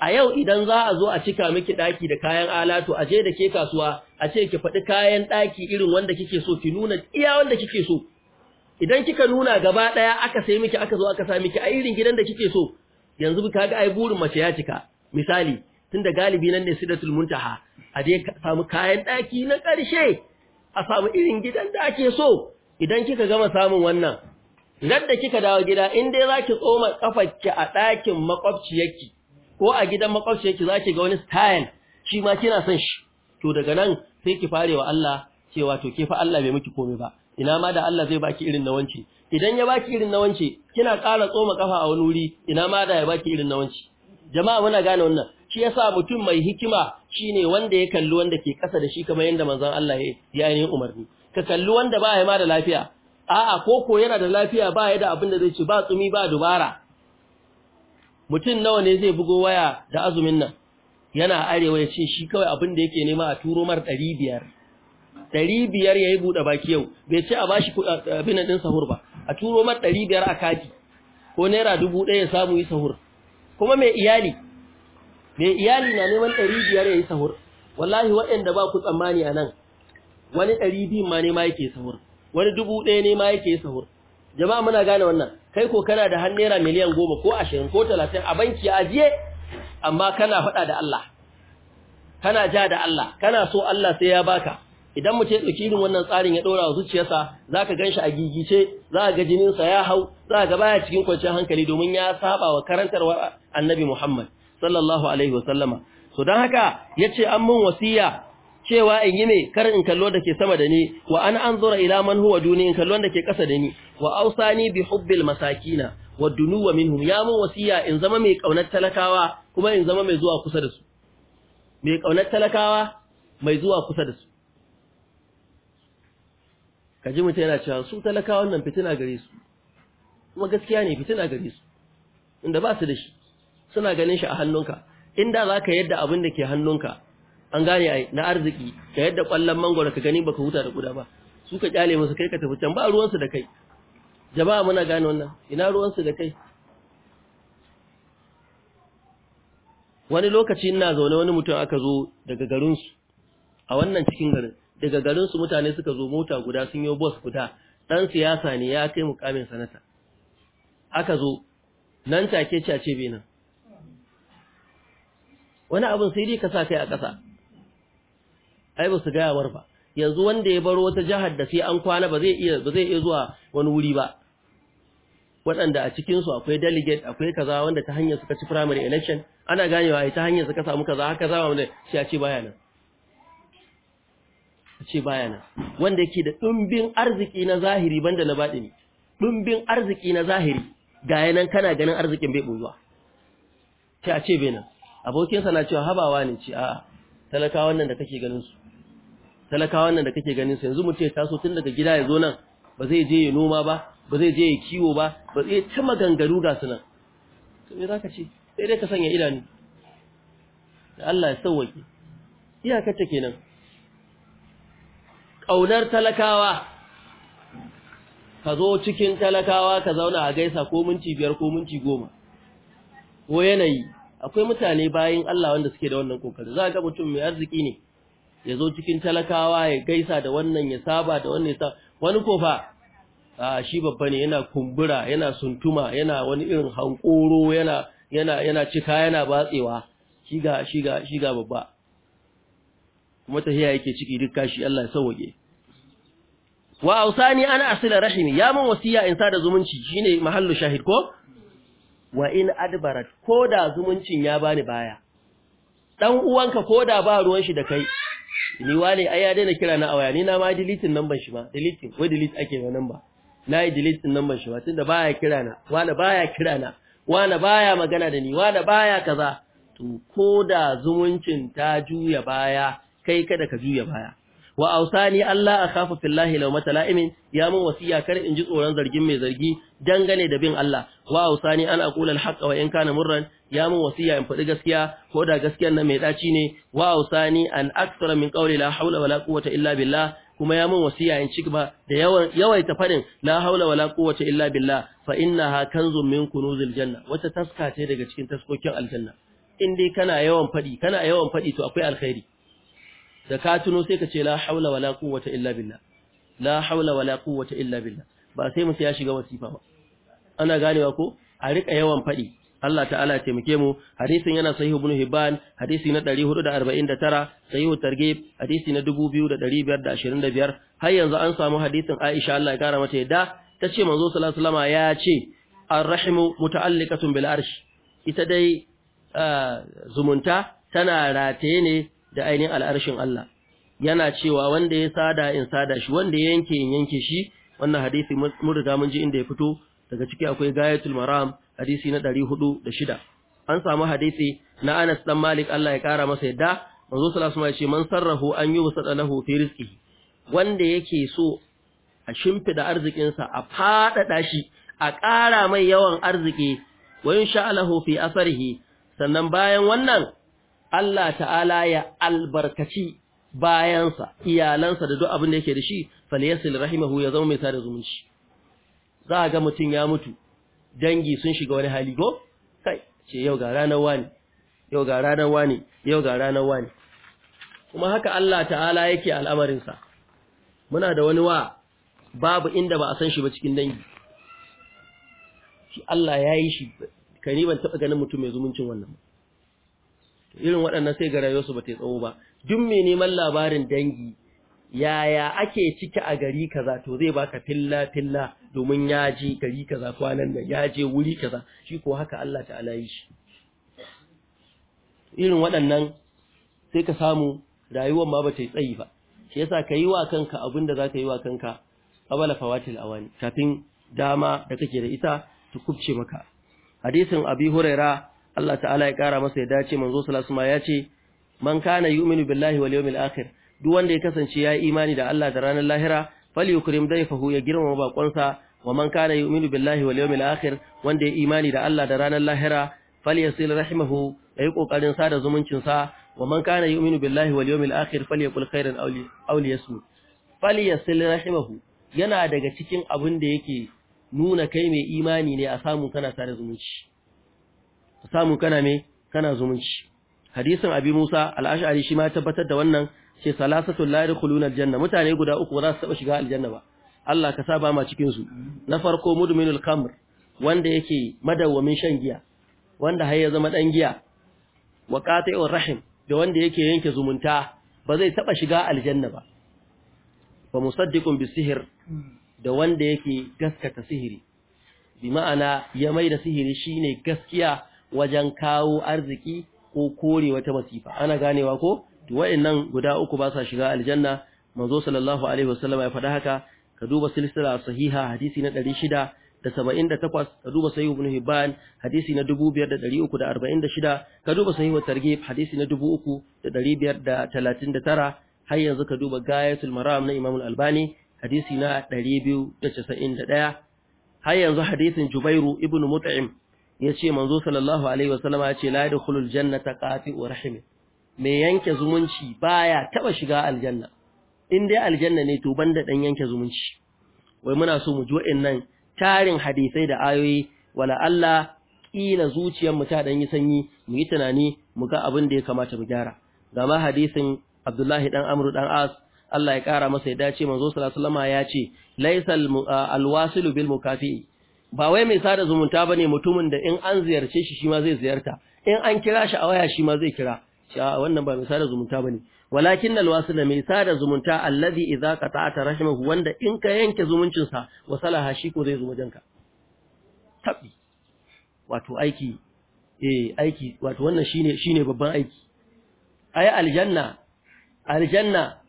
[SPEAKER 1] a yau idan za a zo a cika miki ɗaki da kayan alatu a je da ke kasuwa a ce ki faɗi kayan ɗaki irin wanda kike so ki nuna iya wanda kike so idan kika nuna gaba ɗaya aka sai miki aka zo aka sa miki a irin gidan da kike so yanzu ka ga ai burin mace ya cika misali tunda galibi nan ne sidatul muntaha a je ka samu kayan ɗaki na ƙarshe a samu irin gidan da ake so idan kika gama samun wannan ran da kika dawo gida in dai zaki tsoma ki a ɗakin makwabciyarki ko a gidan makwabciyarki zaki ga wani style shi ma kina son shi to daga nan sai ki wa Allah cewa to ke fa Allah bai miki komai ba ina ma da Allah zai baki irin na wance idan ya baki irin na wance kina ƙara tsoma kafa a wani wuri ina ma da ya baki irin na wance jama'a muna gane wannan shi yasa mutum mai hikima shine wanda ya kalli wanda ke ƙasa da shi kamar yadda manzon Allah ya yi umarni ka kalli wanda ba ya ma da lafiya a'a ko ko yana da lafiya ba ya da abin da zai ci ba tsumi ba dubara mutum nawa ne zai bugo waya da azumin nan yana arewa ya ce shi kawai abin da yake nema a turo mar ɗari biyar ɗari biyar ya yi buɗe baki yau bai ce a ba shi abin ɗin sahur ba a turo mar ɗari biyar a kati ko naira dubu ɗaya ya samu yi sahur kuma mai iyali mai iyali na neman ɗari biyar ya yi sahur wallahi waɗanda ba ku tsammani a nan wani ɗari biyun ma nema yake sahur wani dubu ɗaya ne ma yake yi sahur jama'a muna gane wannan kai ko kana da har naira miliyan goma ko ashirin ko talatin a banki a ajiye amma kana faɗa da Allah kana ja da Allah kana so Allah sai ya baka idan mu ce ɗauki irin wannan tsarin ya ɗora wa zuciyarsa za ka gan shi a gigice za ka ga jininsa ya hau za ka ga baya cikin kwanciyar hankali domin ya saba wa karantarwar annabi Muhammad sallallahu alaihi wa sallama so don haka ya ce an mun wasiya cewa in yi mai kar in kallo da ke sama da ni wa an zura ila man huwa duni in kallo da ke ƙasa da ni wa ausani bi hubbil masakina wa wa minhum ya mun wasiya in zama mai kaunar talakawa kuma in zama mai zuwa kusa da su mai kaunar talakawa mai zuwa kusa da su kaji mutum yana cewa su talakawan nan fitina gare su kuma gaskiya ne fitina gare su inda ba su da shi suna ganin shi a hannunka inda za ka yadda abin da ke hannunka an gane ai na arziki ga yadda kwallon mangoro ka gani baka huta da kuda ba su ka kyale musu kai ka tafi can ba ruwansu da kai jama'a muna gane wannan ina ruwansu da kai wani lokaci ina zaune wani mutum aka zo daga garinsu a wannan cikin garin daga garinsu mutane suka zo mota guda sun yi bus guda ɗan siyasa ne ya kai mukamin sanata aka zo nan take ce a ce wani abin sai dai ka sa kai a ƙasa ai ba su gayawar ba yanzu wanda ya baro wata jihar da sai an kwana ba zai iya ba zai iya zuwa wani wuri ba waɗanda a cikin su akwai delegate akwai kaza wanda ta hanyar suka ci primary election ana ganewa ai ta hanyar suka samu kaza haka mu ne, sai a ce baya nan a ce baya nan wanda yake da dumbin arziki na zahiri banda na batini dumbin arziki na zahiri ga yanan kana ganin arzikin bai bozuwa sai a ce bai nan abokinsa na cewa habawa ne ce a'a talaka wannan da kake ganin su talaka wannan da kake ganin su yanzu mutum ya taso tun daga gida ya zo nan ba zai je ya noma ba ba zai je ya kiwo ba ba zai ta magangaru ga su nan to me zaka ce sai dai ka sanya idanu da Allah ya sauwake iyaka ta kenan kaunar talakawa ka zo cikin talakawa ka zauna a gaisa ko minti biyar ko minti goma ko yanayi akwai mutane bayin Allah wanda suke da wannan kokari za ga mutum mai arziki ne ya zo cikin talakawa ya gaisa da wannan ya saba da wannan ya wani ko fa? a shi babba ne yana kumbura yana suntuma yana wani irin hankoro yana yana yana cika yana batsewa shi ga shi babba kuma tahiya yake ciki duk kashi Allah ya sauke wa ausani ana asila rahimi ya mun wasiya in sada zumunci shine mahallu shahid ko wa in adbarat koda zumuncin ya bani baya dan uwanka koda ba ruwan shi da kai ni wale ai ya daina kira na a waya ni na ma deleting number shi ma deleting ko delete ake ma number na yi deleting number shi ma tunda baya kira na wane baya kira na wane baya magana da ni wani baya kaza to ko da zumuncin ta juya baya kai kada ka juya baya wa ausani Allah akhafu fillahi law matalaimin ya mun wasiya kar in ji tsoron zargin mai zargi dangane da bin Allah wa ausani an aqula alhaq wa in kana murran ya mun wasiya in fadi gaskiya ko da gaskiyar nan mai daci ne wa ausani an aktsara min qawli la hawla wala quwwata illa billah kuma ya mun wasiya in ci gaba da yawan yawaita fadin la haula wala quwwata illa billah fa innaha kanzun min kunuzil janna wata taska ce daga cikin taskokin aljanna in dai kana yawan fadi kana yawan fadi to akwai alkhairi da ka tuno sai ka ce la haula wala quwwata illa billah la haula wala quwwata illa billah ba sai mutum ya shiga wasifa ba ana ganewa ko a rika yawan fadi Allah ta'ala ya taimake mu hadisin yana sahih ibn hibban hadisi na 449 sahih targhib hadisi na 2525 har yanzu an samu hadisin Aisha Allah ya kara mata yadda tace manzo sallallahu alaihi wasallam ya ce arrahimu muta'alliqatun bil arsh ita dai ah, zumunta tana rataye ne da ainihin al'arshin Allah yana cewa wanda ya sada in sada shi wanda ya yanke in yanke shi wannan hadisi mun riga mun ji inda ya fito daga ciki akwai gayatul maram hadisi na ɗari da hudu shida. an samu hadisi na Anas ɗan Malik Allah ya kara masa yadda manzo sallallahu ya ce man sarrahu an yi wasa lahu fi rizqihi wanda yake so a shimfida arzikinsa a faɗaɗa shi a ƙara mai yawan arziki wa yin sha'alahu fi asarihi sannan bayan wannan Allah ta'ala ya albarkaci bayansa iyalansa da duk abin da yake da shi falyasil rahimahu ya zama mai sada zumunci za ga mutum ya mutu dangi sun shiga wani hali go kai ce yau ga ranar wani yau ga ranar wani yau ga ranar wani kuma haka Allah ta'ala yake al'amarinsa muna da wani wa babu inda ba a san shi ba cikin dangi shi Allah ya yi shi kani ban taɓa ganin mutum mai zumuncin wannan ba irin waɗannan sai ga rayuwarsu ba ta tsawo ba duk mai neman labarin dangi yaya ake ciki a gari kaza to zai baka filla filla domin ya je gari kaza kwanan nan ya je wuri kaza shi ko haka Allah ta'ala yi shi irin waɗannan sai ka samu rayuwar ma ba ta tsayi ba shi yasa ka yi wa kanka abin da za ka yi wa kanka qabala fawatil wani. kafin dama da kake da ita ta kubce maka hadisin abi huraira Allah ta'ala ya kara masa ya dace manzo sallallahu ya ce man kana yu'minu billahi wal akhir duk wanda ya kasance ya yi imani da Allah da ranar lahira zai fahu ya girmama bakonsa wa man kana yu'minu billahi wal akhir wanda ya imani da Allah da ranar lahira falyasil rahimahu yayi kokarin sada zumuncin sa wa man kana yu'minu billahi wal yawmil akhir falyakul khairan Fali ya falyasil rahimahu yana daga cikin abin da yake nuna kai mai imani ne a samu kana sada zumunci samu kana me kana zumunci hadisin abi musa al-ash'ari shi ma tabbatar da wannan ce salasatul la yadkhuluna al-janna mutane guda uku ba za su taba shiga aljanna ba Allah ka saba ma cikin su na farko mudminul khamr wanda yake madawwamin shan giya wanda har ya zama dan giya wa qati'ur rahim da wanda yake yanke zumunta ba zai taba shiga aljanna ba fa musaddiqun sihir da wanda yake gaskata sihiri bi ma'ana ya mai da sihiri shine gaskiya wajen kawo arziki ko kore wata masifa ana ganewa ko to wa'annan guda uku ba sa shiga aljanna manzo sallallahu alaihi wasallam ya faɗa haka ka duba silsila sahiha hadisi na 678 ka duba sahih ibn hibban hadisi na 2346 ka duba sahih targhib hadisi na 3539 har yanzu ka duba gayatul maram na imam al-albani hadisi na 291 har yanzu hadisin jubairu ibn mut'im Ya ce, manzo sallallahu alaihi wasallam ya ce la yadkhulul jannata qati'u rahim me yanke zumunci baya taba shiga aljanna in dai aljanna ne to banda dan yanke zumunci wai muna so mu ji wa'annan tarin hadisai da ayoyi wala Allah kila zuciyar mu ta dan yi sanyi mu yi tunani mu ga abin da ya kamata mu gyara gama hadisin Abdullahi dan amru dan As Allah ya kara masa ya dace manzo sallallahu alaihi wasallam ya ce laysal alwasilu bil mukafi ba wai mai sada zumunta bane mutumin da in an ziyarce shi shi ma zai ziyarta in an kira shi a waya shi ma zai kira a ah, wannan ba mai sada zumunta bane walakin na na mai sada zumunta allazi idza qata'ata rahimahu wanda in ka yanke zumuncin sa wasalaha shi ko zai zo ka. tabbi wato aiki eh aiki wato wannan shine shine babban aiki ai aljanna aljanna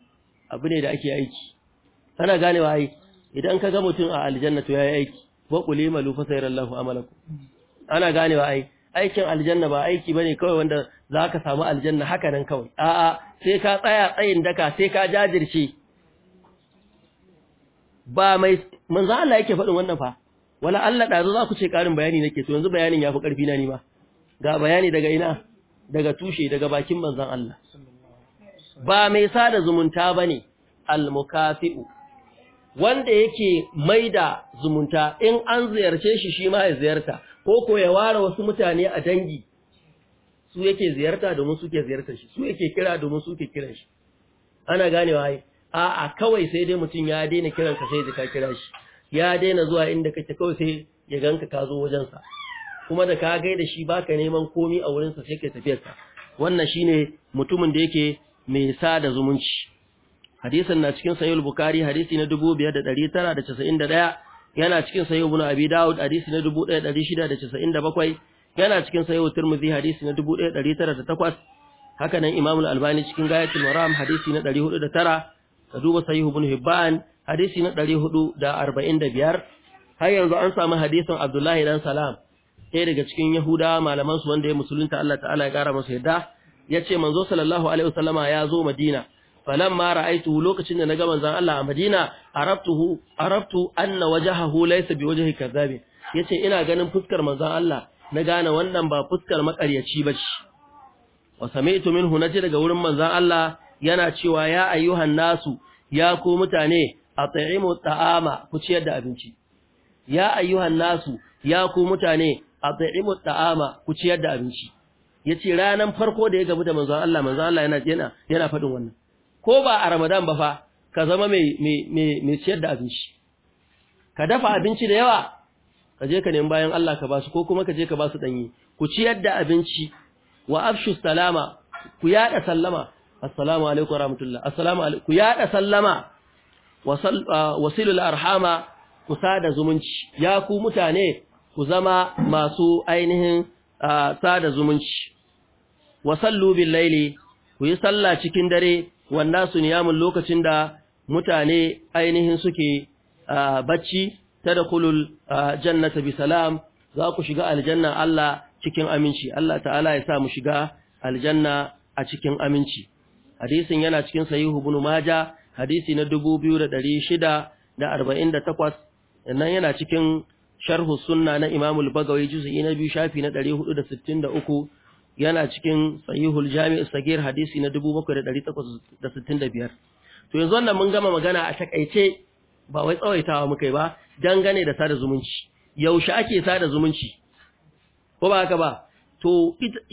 [SPEAKER 1] abu ne da ake aiki ana ganewa ai idan ka ga mutum a aljanna to yayi aiki wa malu fa sayarallahu amalakum ana ganewa ai aikin aljanna ba aiki ba ne kawai wanda zaka samu aljanna haka nan kawai a'a sai ka tsaya tsayin daka sai ka jajirce ba mai manzo Allah yake faɗin wannan fa wala Allah ɗazu za ku ce karin bayani nake to yanzu bayanin yafi karfi na ni ga bayani daga ina daga tushe daga bakin manzon Allah ba mai sada zumunta bane al-mukafi'u wanda yake mai da zumunta in an ziyarce shi shi ma ya ziyarta ko ko ya ware wasu mutane a dangi su yake ziyarta domin suke ziyartar shi su yake kira domin suke kiran shi ana ganewa a a'a kawai sai dai mutum ya daina kiran ka sai ka kira shi ya daina zuwa inda kake kawai sai ya ganka ka zo wajensa, kuma da ka gaida shi baka neman komi a wurin sa sai ka tafiyarsa. wannan shine mutumin da yake mai sada zumunci hadisin na cikin sahih bukhari hadisi na 5991 yana cikin sahih ibn abi daud hadisi na 1697 yana cikin sahih tirmidhi hadisi na 1908 haka nan imam al-albani cikin gayatul maram hadisi na 409 ka duba sahih ibn hibban hadisi na 445 har yanzu an samu hadisin abdullahi dan salam ɗaya daga cikin yahuda malaman su wanda ya musulunta Allah ta'ala ya kara masa yadda yace manzo sallallahu alaihi wasallama ya zo madina falamma ra'aituhu lokacin da naga manzon Allah a Madina arabtuhu arabtu anna wajhahu laysa biwajhi kadhabi yace ina ganin fuskar manzon Allah na gane wannan ba fuskar makaryaci bace wa sami'tu minhu naji daga wurin manzon Allah yana cewa ya ayyuhan nasu ya ku mutane at'imu ta'ama ku ciyar da abinci ya ayyuhan nasu ya ku mutane at'imu ta'ama ku ciyar da abinci yace ranan farko da ya gabu da manzon Allah manzon Allah yana yana yana fadin wannan ko ba a Ramadan ba fa ka zama mai mai mai ciyar da abinci ka dafa abinci da yawa ka je ka nemi bayan Allah ka ba su ko kuma ka je ka ba su danyi ku ciyar da abinci wa afshu salama ku yada sallama assalamu alaikum wa rahmatullah assalamu alaikum ku yada sallama wasilul arhama ku sada zumunci ya ku mutane ku zama masu ainihin ah, sada zumunci sallu bil laili ku yi sallah cikin dare wanda su niyamun lokacin da mutane ainihin suke bacci ta da kulul jannata bi salam za ku shiga aljanna Allah cikin aminci Allah ta'ala ya sa mu shiga aljanna a cikin aminci hadisin yana cikin sahihu ibn maja hadisi na 2648 nan yana cikin sharhu sunna na imamul bagawi juz'i na biyu shafi na 463 yana cikin sahihul jami'in sagir hadisi na 7865 to yanzu wannan mun gama magana a takaice ba wai tsawaitawa muka yi ba dangane da sada zumunci yaushe ake sada zumunci ko ba haka ba to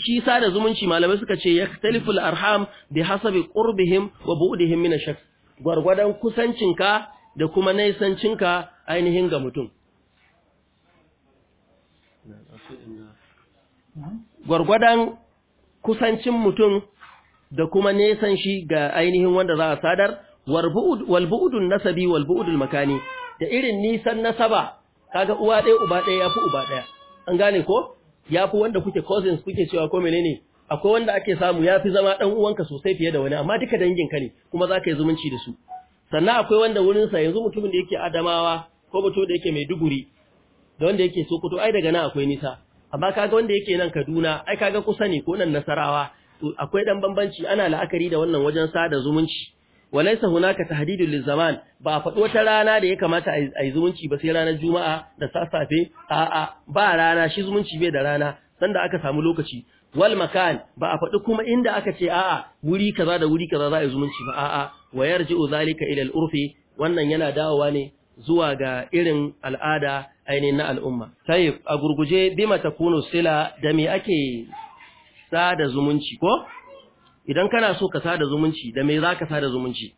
[SPEAKER 1] shi sada zumunci malamai suka ce yaktaliful arham bi hasabi qurbihim wa bu'dihim min ash-shakhs gurgurdan kusancinka da kuma naisancinka ainihin ga mutum gwargwadon kusancin mutum da kuma nesan shi ga ainihin wanda za a sadar walbu'udun nasabi walbu'udun makani da irin nisan nasaba kaga uwa ɗaya uba ɗaya ya fi uba ɗaya an gane ko ya fi wanda kuke cousins kuke cewa ko menene akwai wanda ake samu ya fi zama ɗan uwanka sosai fiye da wani amma duka dangin ka ne kuma zaka yi zumunci da su sannan akwai wanda wurin sa yanzu mutumin da yake Adamawa ko mutum da yake Maiduguri da wanda yake Sokoto ai daga nan akwai nisa amma kaga wanda yake nan Kaduna ai kaga kusa ne ko nan Nasarawa to akwai dan bambanci ana la'akari da wannan wajen sada zumunci walaysa hunaka tahdidul lizaman ba a faɗi wata rana da ya kamata a yi zumunci ba sai ranar juma'a da sassafe a'a ba rana shi zumunci bai da rana sanda aka samu lokaci wal makan ba a faɗi kuma inda aka ce a'a wuri kaza da wuri kaza za a yi zumunci ba a'a yarji'u zalika ila al-urfi wannan yana dawowa ne zuwa ga irin al'ada ainihin na al'umma. Sai a gurguje bima ta kuno sila da me ake sada zumunci ko? Idan kana so ka sada zumunci, da me za ka sada zumunci?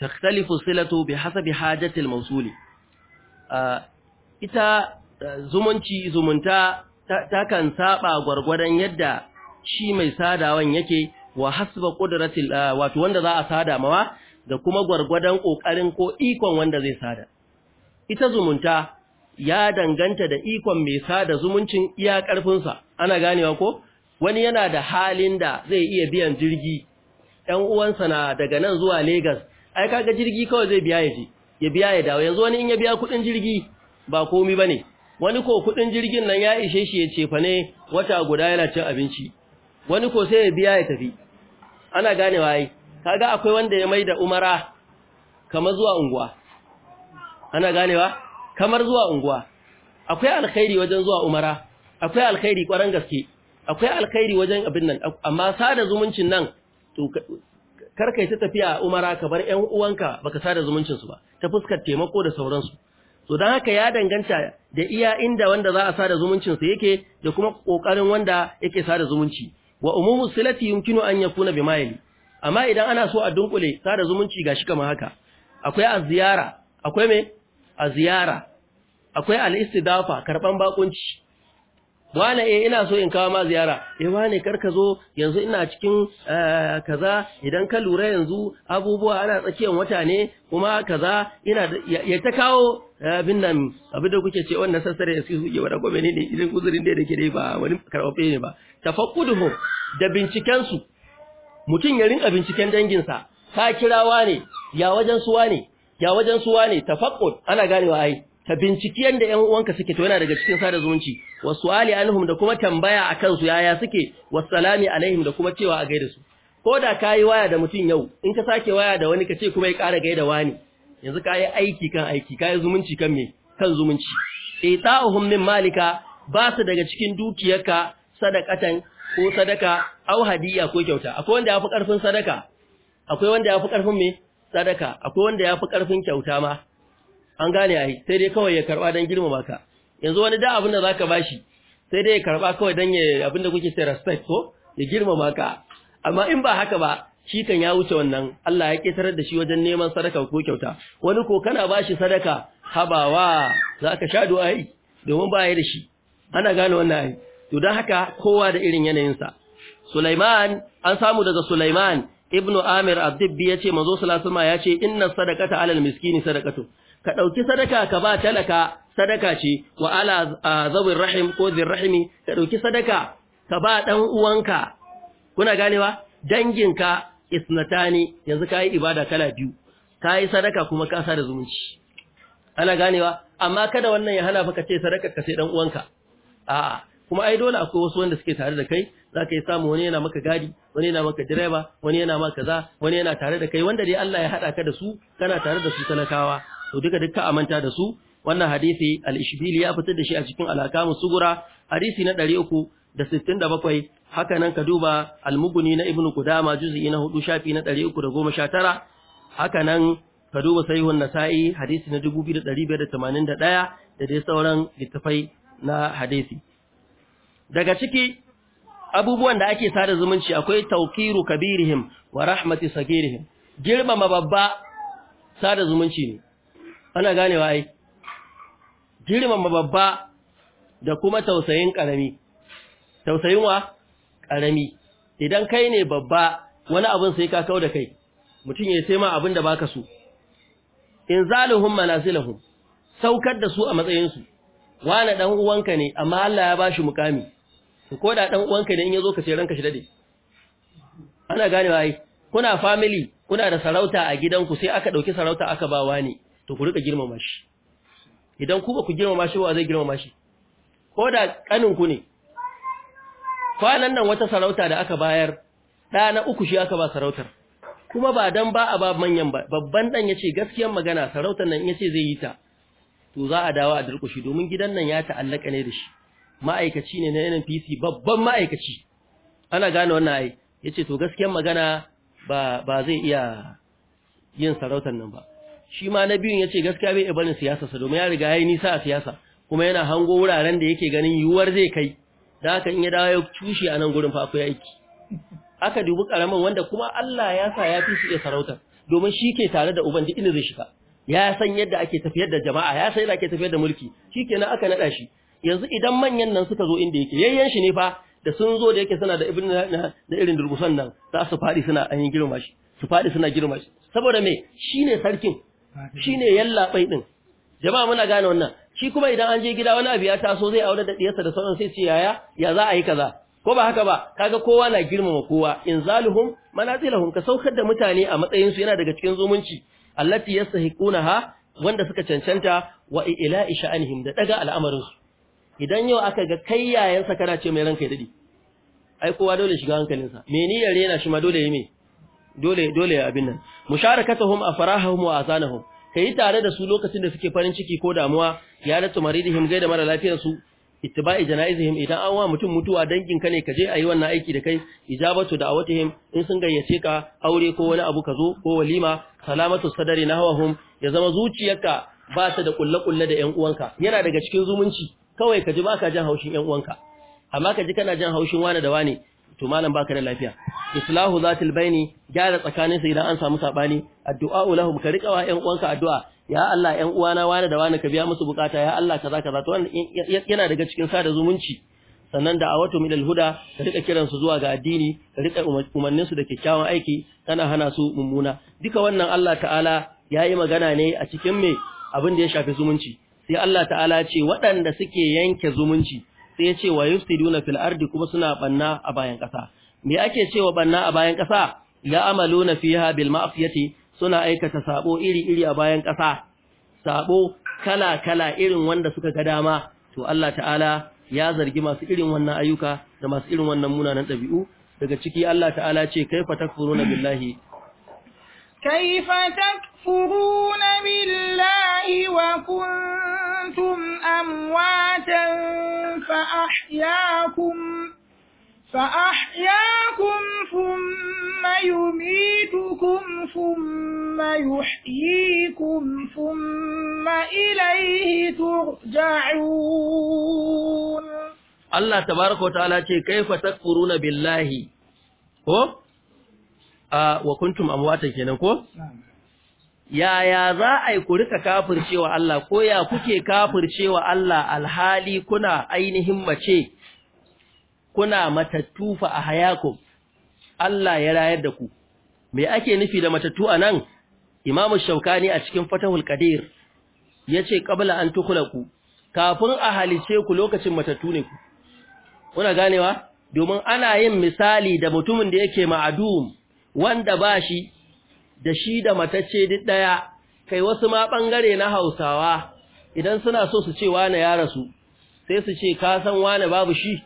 [SPEAKER 1] Takhtalifu silato bi hasabi hajatil mausuli. Ita zumunci zumunta ta kan saba gwargwadon yadda shi mai sadawan yake wa hasba qudratil wato wanda za a sada mawa da kuma gwargwadon ƙoƙarin ko ikon wanda zai sada. Ita zumunta ya danganta da ikon mai sada zumuncin iya ƙarfinsa, ana ganewa ko? Wani yana da halin da zai iya biyan jirgi, Ɗan uwansa na daga nan zuwa Legas, ai kaga jirgi kawai zai biya ya je, ya biya ya dawo, yanzu wani in ya biya kuɗin jirgi ba komi ba ne, wani ko kuɗin jirgin nan ya ishe shi ya cefa ne wata guda yana cin abinci, wani ko sai ya biya ya tafi, ana ganewa ai, kaga akwai wanda ya mai da umara kamar zuwa unguwa, ana ganewa? kamar zuwa unguwa akwai alkhairi wajen zuwa umara akwai alkhairi kwaran gaske akwai alkhairi wajen abin nan amma sada zumuncin nan to karkai ta tafiya umara ka bar ƴan uwanka baka sada zumuncin su ba ta fuskar taimako da sauransu to dan haka ya danganta da iya inda wanda za a sada zumuncin sa yake da kuma kokarin wanda yake sada zumunci wa umumu silati yumkinu an yakuna bimayli amma idan ana so a dunkule sada zumunci gashi kamar haka akwai aziyara akwai me a ziyara akwai al'istidafa karɓan bakunci wane eh ina so in kawo ma ziyara E, wane kar ka zo yanzu ina cikin eh, kaza idan ka lura yanzu abubuwa ana tsakiyar wata ne kuma kaza ina ya ta kawo eh, abin nan abu da kuke ce wannan sassare su ke wada gobe ne idan guzurin da yake dai ba wani karfafe ne ba tafaqquduhu da binciken mutum ya rinka binciken danginsa sa ka kirawa ne ya wajen su ne ya wajen suwa ne tafaqqud ana ganewa ai ta binciki yanda ƴan uwanka suke to yana daga cikin sada zumunci wasu'ali anhum da kuma tambaya akan su yaya suke wassalami alaihim da kuma cewa a gaida su ko da kai waya da mutum yau in ka sake waya da wani kace kuma ya ƙara gaida wani yanzu kai aiki kan aiki kai zumunci kan me kan zumunci ita'uhum min malika ba su daga cikin dukiyarka sadakatan ko sadaka au hadiya ko kyauta akwai wanda yafi karfin sadaka akwai wanda yafi karfin me sadaka akwai wanda ya fi ƙarfin kyauta ma an gane yi sai dai kawai ya karɓa don girmama ka yanzu wani da abin da za ka ba shi sai dai ya karɓa kawai don ya abin da kuke sai respect ko ya girmama ka amma in ba haka ba shi kan ya wuce wannan Allah ya ƙetar da shi wajen neman sadaka ko kyauta wani ko kana shi sadaka habawa Za ka sha yi domin ba ya da shi ana gane wannan ayi. to don haka kowa da irin yanayinsa Sulaiman an samu daga Sulaiman ibnu amir abdibbi yace manzo sallallahu alaihi wasallam yace inna sadaqata alal miskini sadaqatu ka dauki sadaka ka ba talaka sadaka ce wa ala zawir rahim ko zir rahimi ka dauki sadaka ka ba dan uwanka kuna ganewa danginka isnatani yanzu kai ibada kala biyu kai sadaka kuma ka sa da zumunci ana ganewa amma kada wannan ya hana ka ce sadaka ka sai dan uwanka a'a kuma ai dole akwai wasu wanda suke tare da kai za ka yi samu wani yana maka gadi wani yana maka direba wani yana maka kaza wani yana tare da kai wanda dai Allah ya haɗa ka da su kana tare da su talakawa to duka duka amanta da su wannan hadisi al-ishbili ya fitar da shi a cikin alakamu sugura hadisi na 367 haka nan ka duba al-mughni na ibnu qudama juz'i na 4 shafi na 319 haka nan ka duba sahihun nasa'i hadisi na 2581 da dai sauran littafai na hadisi daga ciki abubuwan da ake sada zumunci akwai tawqiru kabirihim wa rahmati sagirihim girmama babba sada zumunci ne ana ganewa ai girma babba da kuma tausayin karami tausayin wa karami idan kai ne babba wani abin sai ka kau da kai mutum ya sai ma abin da baka so zaluhum manasilahum saukar da su a matsayin su wani dan uwanka ne amma Allah ya bashi mukami ko da dan uwanka ne in yazo ka ce ranka shi dade ana ganewa ai kuna family kuna da sarauta a gidanku sai aka dauki sarauta aka ba wani to ku rika girmama shi idan ku ba ku girmama shi ba zai girmama shi ko da kanin ku ne kwanan nan wata sarauta da aka bayar da na uku shi aka ba sarautar kuma ba dan ba a ba manyan ba babban dan yace gaskiyar magana sarautar nan yace zai yi ta to za a dawo a durkushi domin gidan nan ya ta'allaka ne da shi ma'aikaci ne na NNPC babban ma'aikaci ana gane wannan ai ce to gaskiyar magana ba zai iya yin sarautar nan ba shi ma na biyun ya ce gaskiya bai ibanin siyasa sa domin ya riga yi nisa a siyasa kuma yana hango wuraren da yake ganin yiwuwar zai kai da haka in ya dawo ya cushe a nan gurin fafu aiki aka dubi karamin wanda kuma Allah ya sa ya fi iya sarautar domin shi ke tare da uban duk inda zai shiga ya san yadda ake tafiyar da jama'a ya san yadda ake tafiyar da mulki shi kenan aka naɗa shi yanzu idan manyan nan suka zo inda yake yayyan shi ne fa da sun zo da yake suna da ibn da irin durgusan nan za su fadi suna an yi girma shi su fadi suna girma shi saboda me shine sarkin shine yallabai din jama'a muna gane wannan shi kuma idan an je gida wani abu ya taso zai aure da diyarsa da sauran sai ce yaya ya za a yi kaza ko ba haka ba kaga kowa na girmama kowa in zaluhum manazilahum ka saukar da mutane a matsayin su yana daga cikin zumunci allati yastahiqunaha wanda suka cancanta wa ila sha'anihim da daga al'amarin su idan yau aka ga kai yayansa kana ce mai ranka ya dade ai kowa dole shiga hankalinsa me ni yare yana shi ma dole yi me dole dole ya abin nan musharakatuhum afrahuhum wa azanahum kai tare da su lokacin da suke farin ciki ko damuwa ya da tumaridihim gaida mara lafiyar su ittiba'i janaizihim idan an wa mutum mutuwa dangin ka ne ka je ayi wannan aiki da kai ijabatu da'awatihim in sun gayyace ka aure ko wani abu ka zo ko walima salamatu sadari nahwahum ya zama zuciyarka ba ta da kullakulla da ƴan uwanka yana daga cikin zumunci kawai ka ji baka jin haushin 'yan uwanka amma ka ji kana jin haushin wani da wani to malam baka da lafiya islahu zatil baini gyara tsakanin su idan an samu saɓani, addu'a ulahum ka rika wa 'yan uwanka addu'a ya Allah uwa uwana wani da wani ka biya musu bukata ya Allah kaza kaza to yana daga cikin sada zumunci sannan da wato min alhuda ka rika kiran su zuwa ga addini ka rika umarnin su da kyakkyawan aiki kana hana su mummuna duka wannan Allah ta'ala yayi magana ne a cikin me abin da ya shafi zumunci sai Allah ta'ala ce waɗanda suke yanke zumunci sai ya ce wa yufsiduna fil ardi kuma suna banna a bayan ƙasa me ake cewa banna a bayan ƙasa ya amaluna fiha bil ma'siyati suna aikata sabo iri iri a bayan ƙasa sabo kala kala irin wanda suka ga dama to Allah ta'ala ya zargi masu irin wannan ayyuka da masu irin wannan munanan ɗabi'u daga ciki Allah ta'ala ce kaifa takfuruna billahi
[SPEAKER 2] كيف تكفرون بالله وكنتم أمواتا فأحياكم فأحياكم ثم يميتكم ثم يحييكم ثم إليه ترجعون
[SPEAKER 1] الله تبارك وتعالى كيف تكفرون بالله هو a wa kuntum amwatan kenan ko yaya za a yi ku rika kafircewa Allah ko ya kuke kafircewa Allah alhali kuna ainihin mace kuna matattufa a hayaku? Allah ya rayar da ku me ake nufi da matattu anan Imam Shaukani a cikin Fatahul Qadir yace qabla an ku. kafin a halice ku lokacin matattu ne ku kuna ganewa domin ana yin misali da mutumin da yake ma'adum wanda ba shi da shi da matacce duk ɗaya kai wasu ma ɓangare na hausawa idan suna so su ce wane ya rasu sai su ce ka san wane babu shi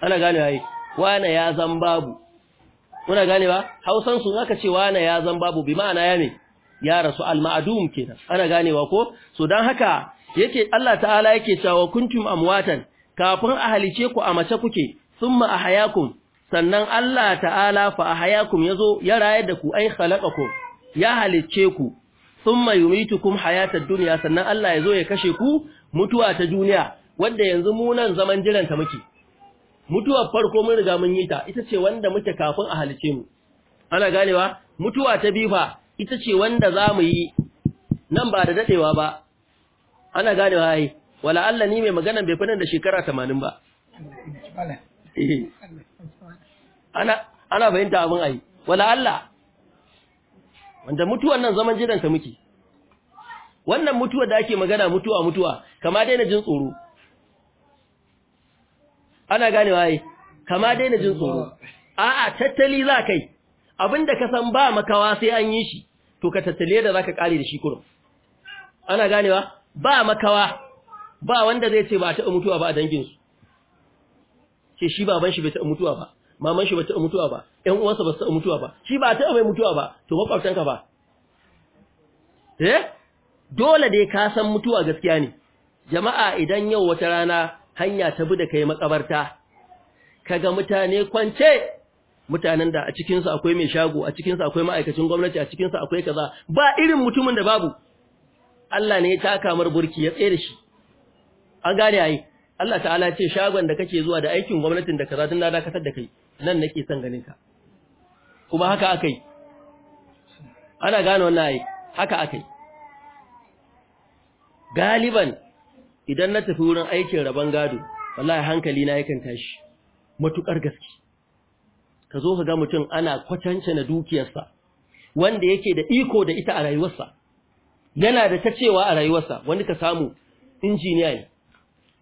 [SPEAKER 1] ana gane yayi wane ya zan babu kuna gane ba hausan su aka ce wane ya zan babu bi ma'ana ya ne ya rasu al kenan ana ganewa ko so dan haka yake Allah ta'ala yake cewa kuntum amwatan kafin a halice ku a mace kuke a hayakun? sannan Allah ta'ala fa ya yazo ya rayar da ku ai khalaqakum ya halicce ku thumma yumitukum hayatad dunya sannan Allah yazo ya kashe ku mutuwa ta duniya wanda yanzu mu nan zaman jiran ta muke mutuwar farko mun riga mun yi ta ita ce wanda muke kafin a halice mu ana ganewa mutuwa ta bifa ita ce wanda za mu yi nan ba da dadewa ba ana ganewa ai wala Allah ni mai magana bai fi nan da shekara 80 ba eh. ana bayanta abin ayi wala Allah wanda mutuwan nan zaman jiran ta muke wannan mutuwa da ake magana mutuwa mutuwa kama daina jin tsoro ana gane waye kama daina jin tsoro a'a tattali za kai abinda ka san ba makawa sai an yi shi to ka tattale da zaka kare da shi kurum ana ganewa ba makawa ba wanda zai ce ba ta mutuwa ba a dangin su ke shi baban shi bai ta mutuwa ba maman shi ba ta mutuwa ba ƴan uwansa ba su mutuwa ba shi ba ta mai mutuwa ba to ka ba eh dole dai ka san mutuwa gaskiya ne jama'a idan yau wata rana hanya ta bi da kai makabarta kaga mutane kwance mutanen da a cikinsu akwai mai shago a cikinsu akwai ma'aikacin gwamnati a cikinsu akwai kaza ba irin mutumin da babu Allah ne ya taka mar burki ya tsaye da shi an gane ai Allah ta'ala ce shagon da kake zuwa da aikin gwamnatin da kaza tun na dakatar da kai nan nake son ganin ka kuma haka akai ana gane wannan ai haka akai galiban idan na tafi wurin aikin rabon gado wallahi hankali na yakan tashi matukar gaske ka zo ka ga mutum ana kwatance na dukiyarsa wanda yake da iko da ita a rayuwarsa yana da ta cewa a rayuwarsa wani ka samu injiniya ne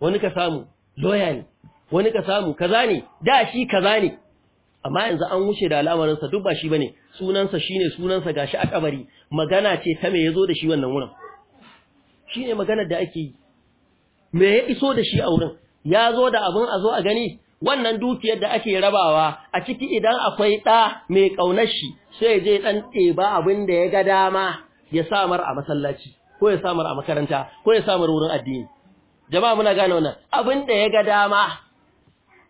[SPEAKER 1] wani ka samu lawyer ne wani ka samu kaza ne da shi kaza ne amma yanzu an wuce da sa duk ba shi bane sunansa shine sunansa gashi a kabari magana ce ta me yazo da shi wannan wurin shine maganar da ake yi me ya iso da shi a wurin ya zo da abin a zo a gani wannan dukiyar da ake rabawa a ciki idan akwai ɗa mai ƙaunar shi sai je ɗan ɗeba abin da ya ga dama ya samar a masallaci ko ya samar a makaranta ko ya samar wurin addini jama'a muna gane wannan abin da ya ga dama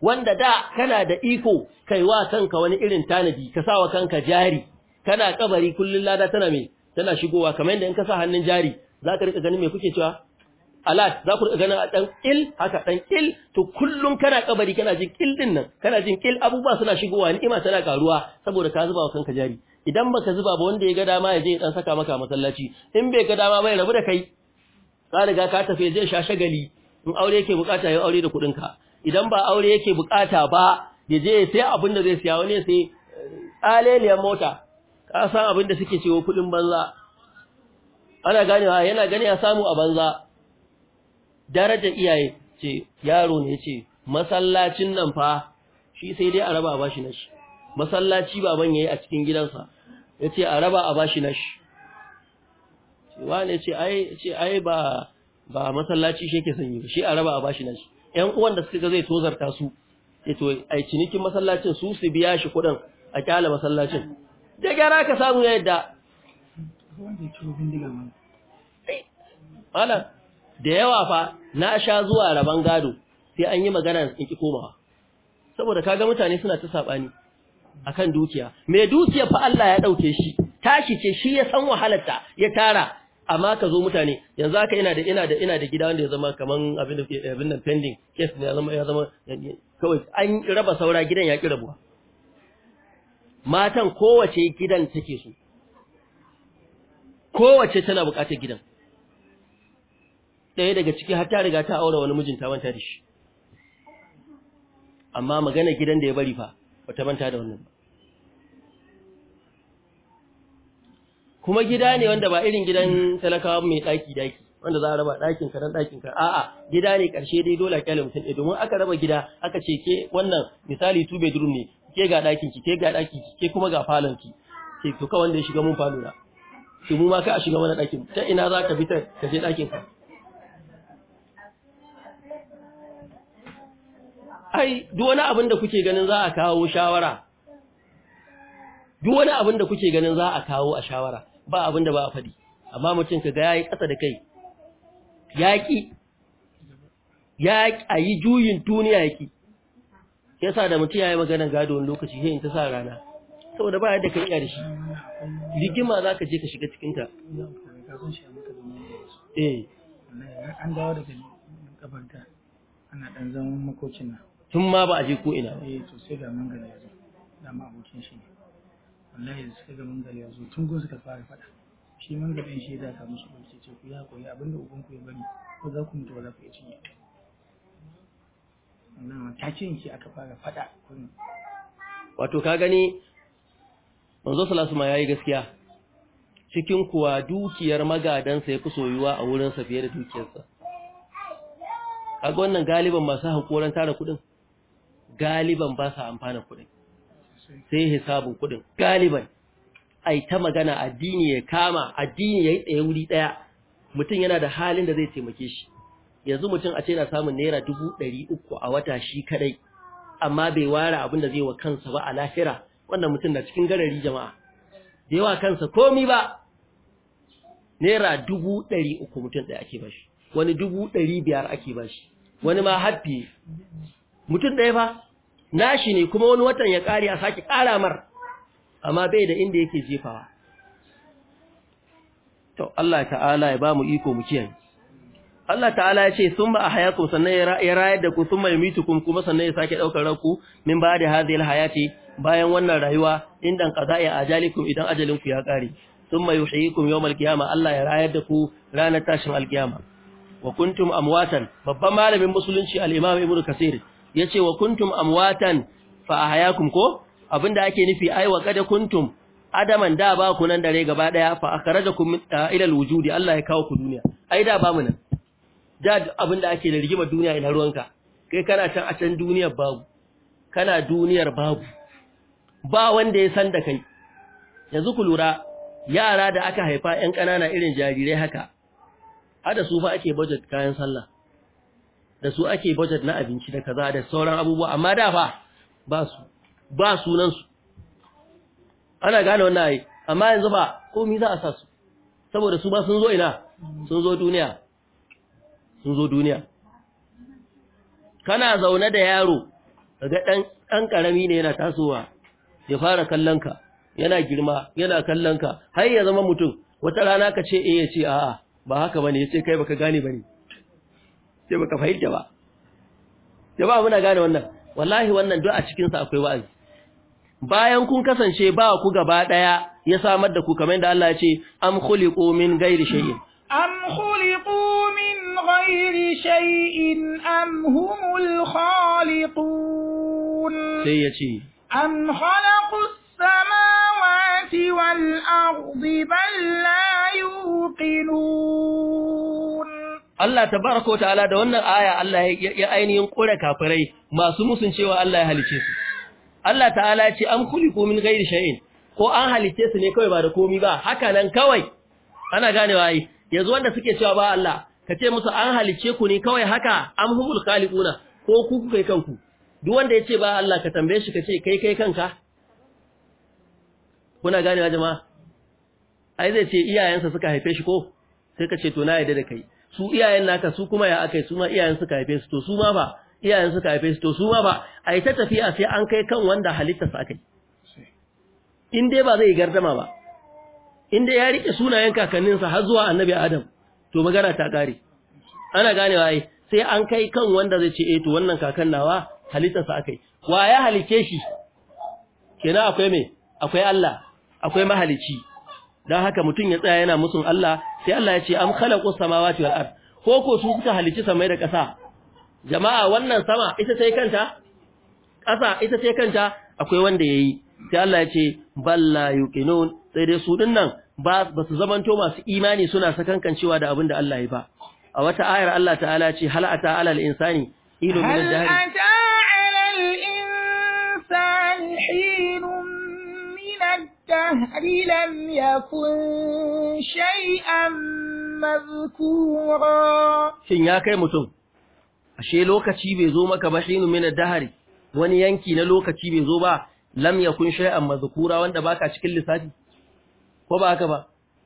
[SPEAKER 1] wanda da kana da iko kai wa kanka wani irin tanadi ka sa wa kanka jari kana kabari kullun lada tana me tana shigowa kamar yadda in ka sa hannun jari za ka rika ganin me kuke cewa alat za ku rika ganin dan kil haka dan kil to kullun kana kabari kana jin kil din nan kana jin kil abubuwa suna shigowa ni'ima tana karuwa saboda ka zuba wa kanka jari idan baka zuba ba wanda ya ga dama ya je ya dan saka maka masallaci in bai ga dama bai rabu da kai ka riga ka tafi je sha shagali in aure yake bukata ya aure da kudin ka idan ba aure yake bukata ba ya je sai abin da zai siya wani sai eh, tsaleliyar mota ka san abin da suke cewa kudin banza ana ganewa yana gani ya samu a banza darajar iyaye ce yaro ne ce masallacin nan fa shi sai dai a raba a bashi nashi masallaci baban yayi a cikin gidansa Ya ce a raba a bashi nashi wane ce ai ce ai ba ba masallaci shi ke sanyi shi a raba a bashi nashi ‘yan uwan da suka zai tozarta su, ya to, a cinikin masallacin su su biya shi kuɗin a kyala masallacin. Da gyara ka samu ya yadda. da yawa fa na sha zuwa rabon gado sai an yi magana in ki komawa. Saboda ka ga mutane suna ta saɓani a kan dukiya. Mai dukiya fa Allah ya ɗauke shi, tashi ce shi ya san wahalarta ya tara, amma ka zo mutane yanzu haka ina da ina da ina da gida wanda ya zama kaman abin da abin nan pending case ne ya zama ya zama kawai an raba saura gidan ya ki rabuwa matan kowace gidan take su, kowace tana buƙatar gidan ɗaya daga ciki har ta riga ta aura wani mijinta manta da shi amma magana gidan da ya bari fa ta manta da wannan ba kuma gida ne wanda ba irin gidan talakawa mai daki daki wanda za a raba dakin ka dan dakin ka a'a gida ne karshe dai dole kyale mutum ɗaya domin aka raba gida aka ce ke wannan misali two bedroom ne ke ga dakin ki ke ga dakin ki ke kuma ga falon ki ke to ka wanda ya shiga mun falo na to mu ma ka a shiga mana dakin ta ina za ka fitar ka je dakin ka ai duk wani abin da kuke ganin za a kawo shawara duk wani abin da kuke ganin za a kawo a shawara ba abin da ba a faɗi amma mutum ka ga yayi ƙasa da kai yaƙi ya a yi juyin duniya yaki yasa da mutum ya yi maganar gado lokaci sai in ta sa rana saboda ba yadda ka iya da shi rigima za ka je ka shiga cikinta eh
[SPEAKER 2] an dawo daga kabarta ana dan zaman makocin nan
[SPEAKER 1] tun ma ba a je ko ina ba
[SPEAKER 2] eh to sai ga mangala
[SPEAKER 1] ya zo dama abokin shi ne wallahi da suka ga gari yanzu tun gun suka fara faɗa shi gari shi ya daka musu ɗauke ce ku ya koyi abinda ku ya bari ko za ku mutu ba za ku iya cinye wannan takin shi aka fara faɗa wato ka gani manzo salasu ma yayi gaskiya cikin kuwa dukiyar magadansa ya fi soyuwa a wurinsa fiye da dukiyarsa kaga wannan galiban masu hakoran tara kuɗin galiban ba sa amfana kuɗin sai hisabun kuɗin galiban ai ta magana addini ya kama addini ya yi tsaye wuri ɗaya mutum yana da halin da zai taimake shi yanzu mutum a ce yana samun naira dubu ɗari uku a wata shi kaɗai amma bai ware abin da zai wa kansa ba a lahira wannan mutum na cikin garari jama'a bai wa kansa komi ba naira dubu ɗari uku mutum ɗaya ake bashi wani dubu ɗari biyar ake bashi wani ma haffi mutum ɗaya ba nashi ne kuma wani watan ya ƙare a sake ƙara mar amma bai da inda yake jefawa to Allah ta'ala ya ba mu iko mu kiyaye Allah ta'ala ya ce sun ba a hayaku sannan ya rayar da ku sun mai kuma sannan ya sake ɗaukar ranku min ba da hazil hayati bayan wannan rayuwa indan qada'i ajalikum idan ajalinku ya ƙare sun mai yuhyikum yawmal qiyama Allah ya rayar da ku ranar tashin alqiyama wa kuntum amwatan babban malamin musulunci al-imam ibnu kasir Ya ce wa kuntum amwatan fa ahyaakum ko abinda ake nufi ai wa kada kuntum adaman da ba ku nan dare gaba daya fa akhrajakum ah, ila alwujudi Allah ya kawo ku duniya ai da ba mu nan da abinda ake da rigimar duniya ina ruwanka kai kana can a can duniyar babu kana duniyar babu ba wanda ya san da kai yanzu ku lura yara da aka haifa ƴan ƙanana irin jarirai haka Hada su fa ake budget kayan sallah da su ake budget na abinci da kaza da sauran abubuwa amma da fa ba su ba sunan su ana gane wannan ai amma yanzu ba komai za a sa su saboda su ba sun zo ina sun zo duniya sun zo duniya kana zaune da yaro kaga dan dan karami ne yana tasowa ya fara kallon ka yana girma yana kallon ka har ya zama mutum wata rana ka ce eh ya ce a'a ba haka bane yace kai baka gane bane sai baka fahimta ba jama'a muna gane wannan wallahi wannan duk a cikin sa akwai wa'azi bayan kun kasance ba ku gaba daya ya samar da ku kamar yadda Allah ya ce am khuliqu min ghairi shay'in
[SPEAKER 2] am khuliqu min ghairi shay'in am humul khaliqun sai ya ce am khalaqu samawati wal ardi bal la yuqinun
[SPEAKER 1] Allah tabaraka wa ta'ala da wannan aya Allah ya ainihin kore kafirai masu musun cewa Allah ya halice su Allah ta'ala ya ce an kuli komin gairi sha'in ko an halice su ne kawai ba da komi ba haka nan kawai ana ganewa ai yanzu wanda suke cewa ba Allah ka ce musu an halice ku ne kawai haka An humul kalikuna ko ku kai kanku duk wanda ya ce ba Allah ka tambaye shi ka ce kai kai kanka kuna ganewa jama'a ai zai ce iyayensa suka haife shi ko sai ka ce to na yarda da kai su iyayen naka su kuma ya akai su ma iyayen suka haife su to su ma ba iyayen suka haife su to su ma ba a yi ta tafiya sai an kai kan wanda halittar sa akai in dai ba zai gardama ba in dai ya rike sunayen kakanninsa har zuwa annabi adam to magana ta kare ana ganewa ai sai an kai kan wanda zai ce eh to wannan kakan nawa halittarsa akai wa ya halice shi kenan akwai me akwai Allah akwai mahalici dan haka mutum ya tsaya yana musun Allah sai Allah ya ce am khalaqu samawati wal ard ko ko su suka halici samai da ƙasa jama'a wannan sama ita sai kanta ƙasa ita sai kanta akwai wanda yayi sai Allah ya ce balla yuqinun sai dai su dinnan ba su zamanto masu imani suna sakankancewa da abin da Allah ya ba a wata ayar Allah ta'ala ce hal ata alal insani ilu min al jahil hal
[SPEAKER 2] ata alal insani الدهر لم يكن شيئا مذكورا
[SPEAKER 1] shin ya kai mutum ashe lokaci bai zo maka ba shinu min dahari wani yanki na lokaci bai zo ba lam yakun shay'an mazkura wanda baka cikin lissafi ko ba haka ba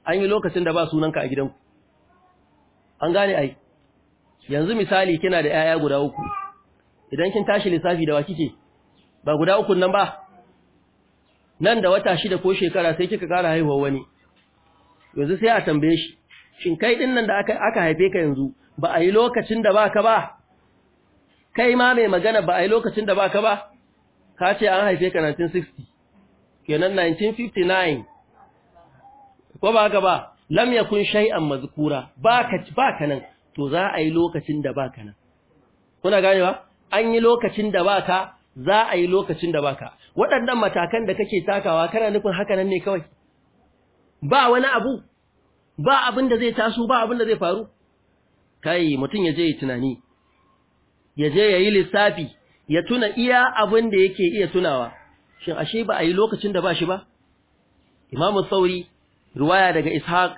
[SPEAKER 1] an yi lokacin da ba sunanka a gidanku an gane ai yanzu misali kina da yaya guda uku idan kin tashi lissafi da wa kike ba guda uku nan ba nan da wata shida ko shekara sai kika kara haihuwa wani yanzu sai a tambaye shi shin kai din nan da aka haife ka yanzu ba a yi lokacin da baka ba kai ma mai magana ba a yi lokacin da baka ba ka ce an haife ka 1960 kenan 1959 ko ba ka ba lam yakun shay'an mazkura Ba ka nan to za a yi lokacin da ba ka nan kuna ganewa an yi lokacin da baka za a yi lokacin da baka waɗannan matakan da kake takawa kana nufin haka nan ne kawai ba wani abu ba abin da zai taso ba abin da zai faru kai mutum ya je ya tunani ya je ya yi lissafi ya tuna iya abin da yake iya tunawa shin ashe ba a yi lokacin da ba shi ba imamu sauri ruwaya daga ishaq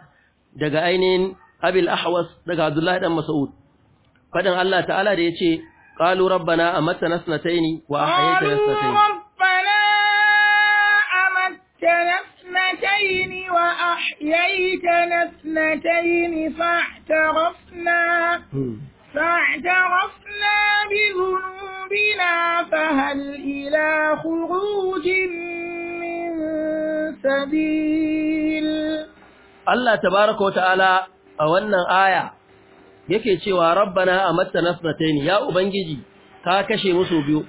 [SPEAKER 1] daga ainihin abil ahwas daga abdullahi dan mas'ud faɗin Allah ta'ala da ya ce. قالوا ربنا أمتنا اثنتين وأحييتنا اثنتين
[SPEAKER 2] ربنا أمتنا اثنتين وأحييتنا اثنتين فاعترفنا فاعترفنا بذنوبنا فهل إلى خروج من سبيل
[SPEAKER 1] الله تبارك وتعالى أولنا آية yake cewa rabbana amatta nasrataini ya ubangiji ka kashe mu sau biyu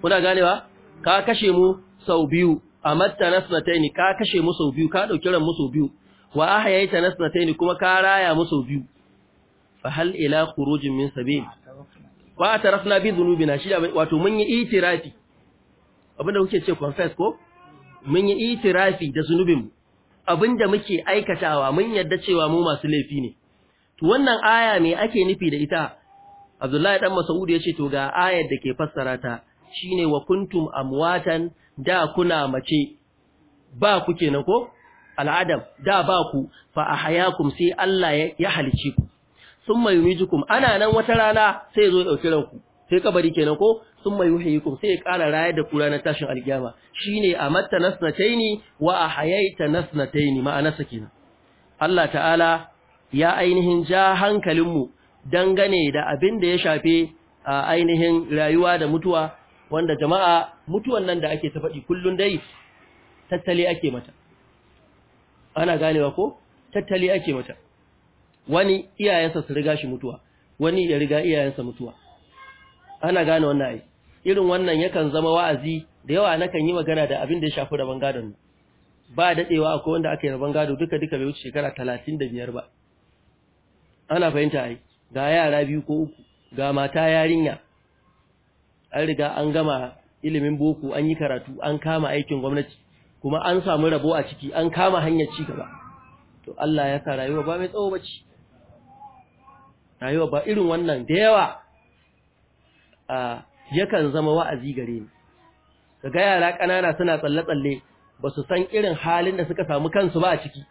[SPEAKER 1] kuna ganewa ka kashe mu sau biyu amatta nasrataini ka kashe mu sau biyu ka dauki ran mu sau biyu wa ahyaita nasrataini kuma ka raya mu sau biyu fa hal ila khurujin min sabil wa atarafna bi dhunubina shi wato mun yi itirafi abinda kuke ce confess ko mun yi itirafi da zunubin abinda muke aikatawa mun yadda cewa mu masu laifi ne to wannan aya me ake nufi da ita Abdullahi dan Mas'ud ce to ga ayar da ke fassara ta shine wa kuntum amwatan da kuna mace ba ku kenan ko al'adam da ba ku fa ahayakum sai Allah ya halice ku summa yumijukum ana nan wata rana sai zo dauki ranku sai kabari kenan ko Sun summa yuhyikum sai ya ƙara rayar da kura na tashin alkiyama shine amatta nasnataini wa ahayaita nasnataini ma'anarsa kenan Allah ta'ala ya ainihin ja hankalinmu dangane da abin da ya shafe a ainihin rayuwa da mutuwa wanda jama'a mutuwan nan da ake ta faɗi kullum dai tattali ake mata ana ganewa ko tattali ake mata wani iyayensa su riga shi mutuwa wani ya riga iyayensa mutuwa ana gane wannan ai irin wannan yakan zama wa'azi da yawa na kan yi magana da abin da ya shafi rabon gadon ba dadewa akwai wanda aka yi rabon gado duka duka bai wuce shekara talatin da biyar ba ana fahimta ai ga yara biyu ko uku ga mata yarinya an riga an gama ilimin boko an yi karatu an kama aikin gwamnati kuma an samu rabo a ciki an kama hanyar ci gaba to Allah ya sa rayuwa ba mai tsawo bace rayuwa ba irin wannan da yawa a yakan zama wa'azi gare ni kaga yara kanana suna tsalle tsalle ba su san irin halin da suka samu kansu ba a ciki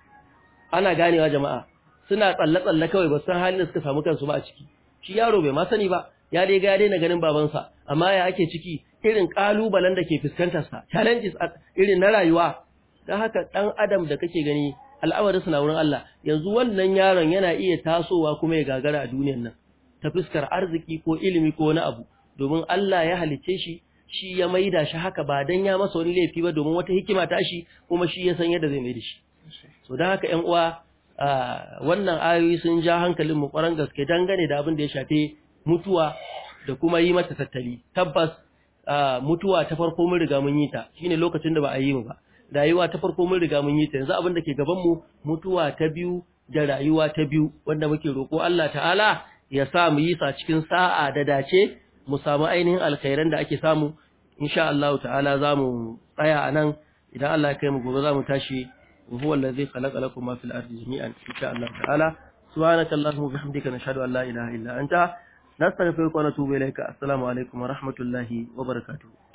[SPEAKER 1] ana ganewa jama'a suna tsalle-tsalle kawai ba san halin da suka samu kansu ba a ciki shi yaro bai ma sani ba ya dai ga daina ganin babansa amma ya ake ciki irin kalubalen da ke fuskantar sa challenges irin na rayuwa dan haka dan adam da kake gani al'amarin suna wurin Allah yanzu wannan yaron yana iya tasowa kuma ya gagara a duniyar nan ta fuskar arziki ko ilimi ko wani abu domin Allah ya halicce shi shi ya maida shi haka ba dan ya masa wani laifi ba domin wata hikima ta shi kuma shi ya san yadda zai maida shi so dan haka ƴan uwa Ah, wannan ayoyi sun ja hankalin mu gaske dangane da abin da ya shafe mutuwa da kuma yi mata tattali tabbas ah, mutuwa ta farko mun riga mun yi ta shine lokacin da ba a yi mu ba rayuwa ta farko mun riga mun yi ta yanzu abin da ke gaban mu mutuwa ta biyu da rayuwa ta biyu wanda muke roko Allah ta'ala ya sa mu yi sa cikin sa'a da dace mu samu ainihin alkhairan da ake samu insha Allah ta'ala zamu tsaya anan idan Allah ya kai mu gobe mu tashi وهو الذي خلق لكم ما في الأرض جميعا إن شاء الله تعالى سبحانك اللهم وبحمدك نشهد أن لا إله إلا أنت نستغفرك ونتوب إليك السلام عليكم ورحمة الله وبركاته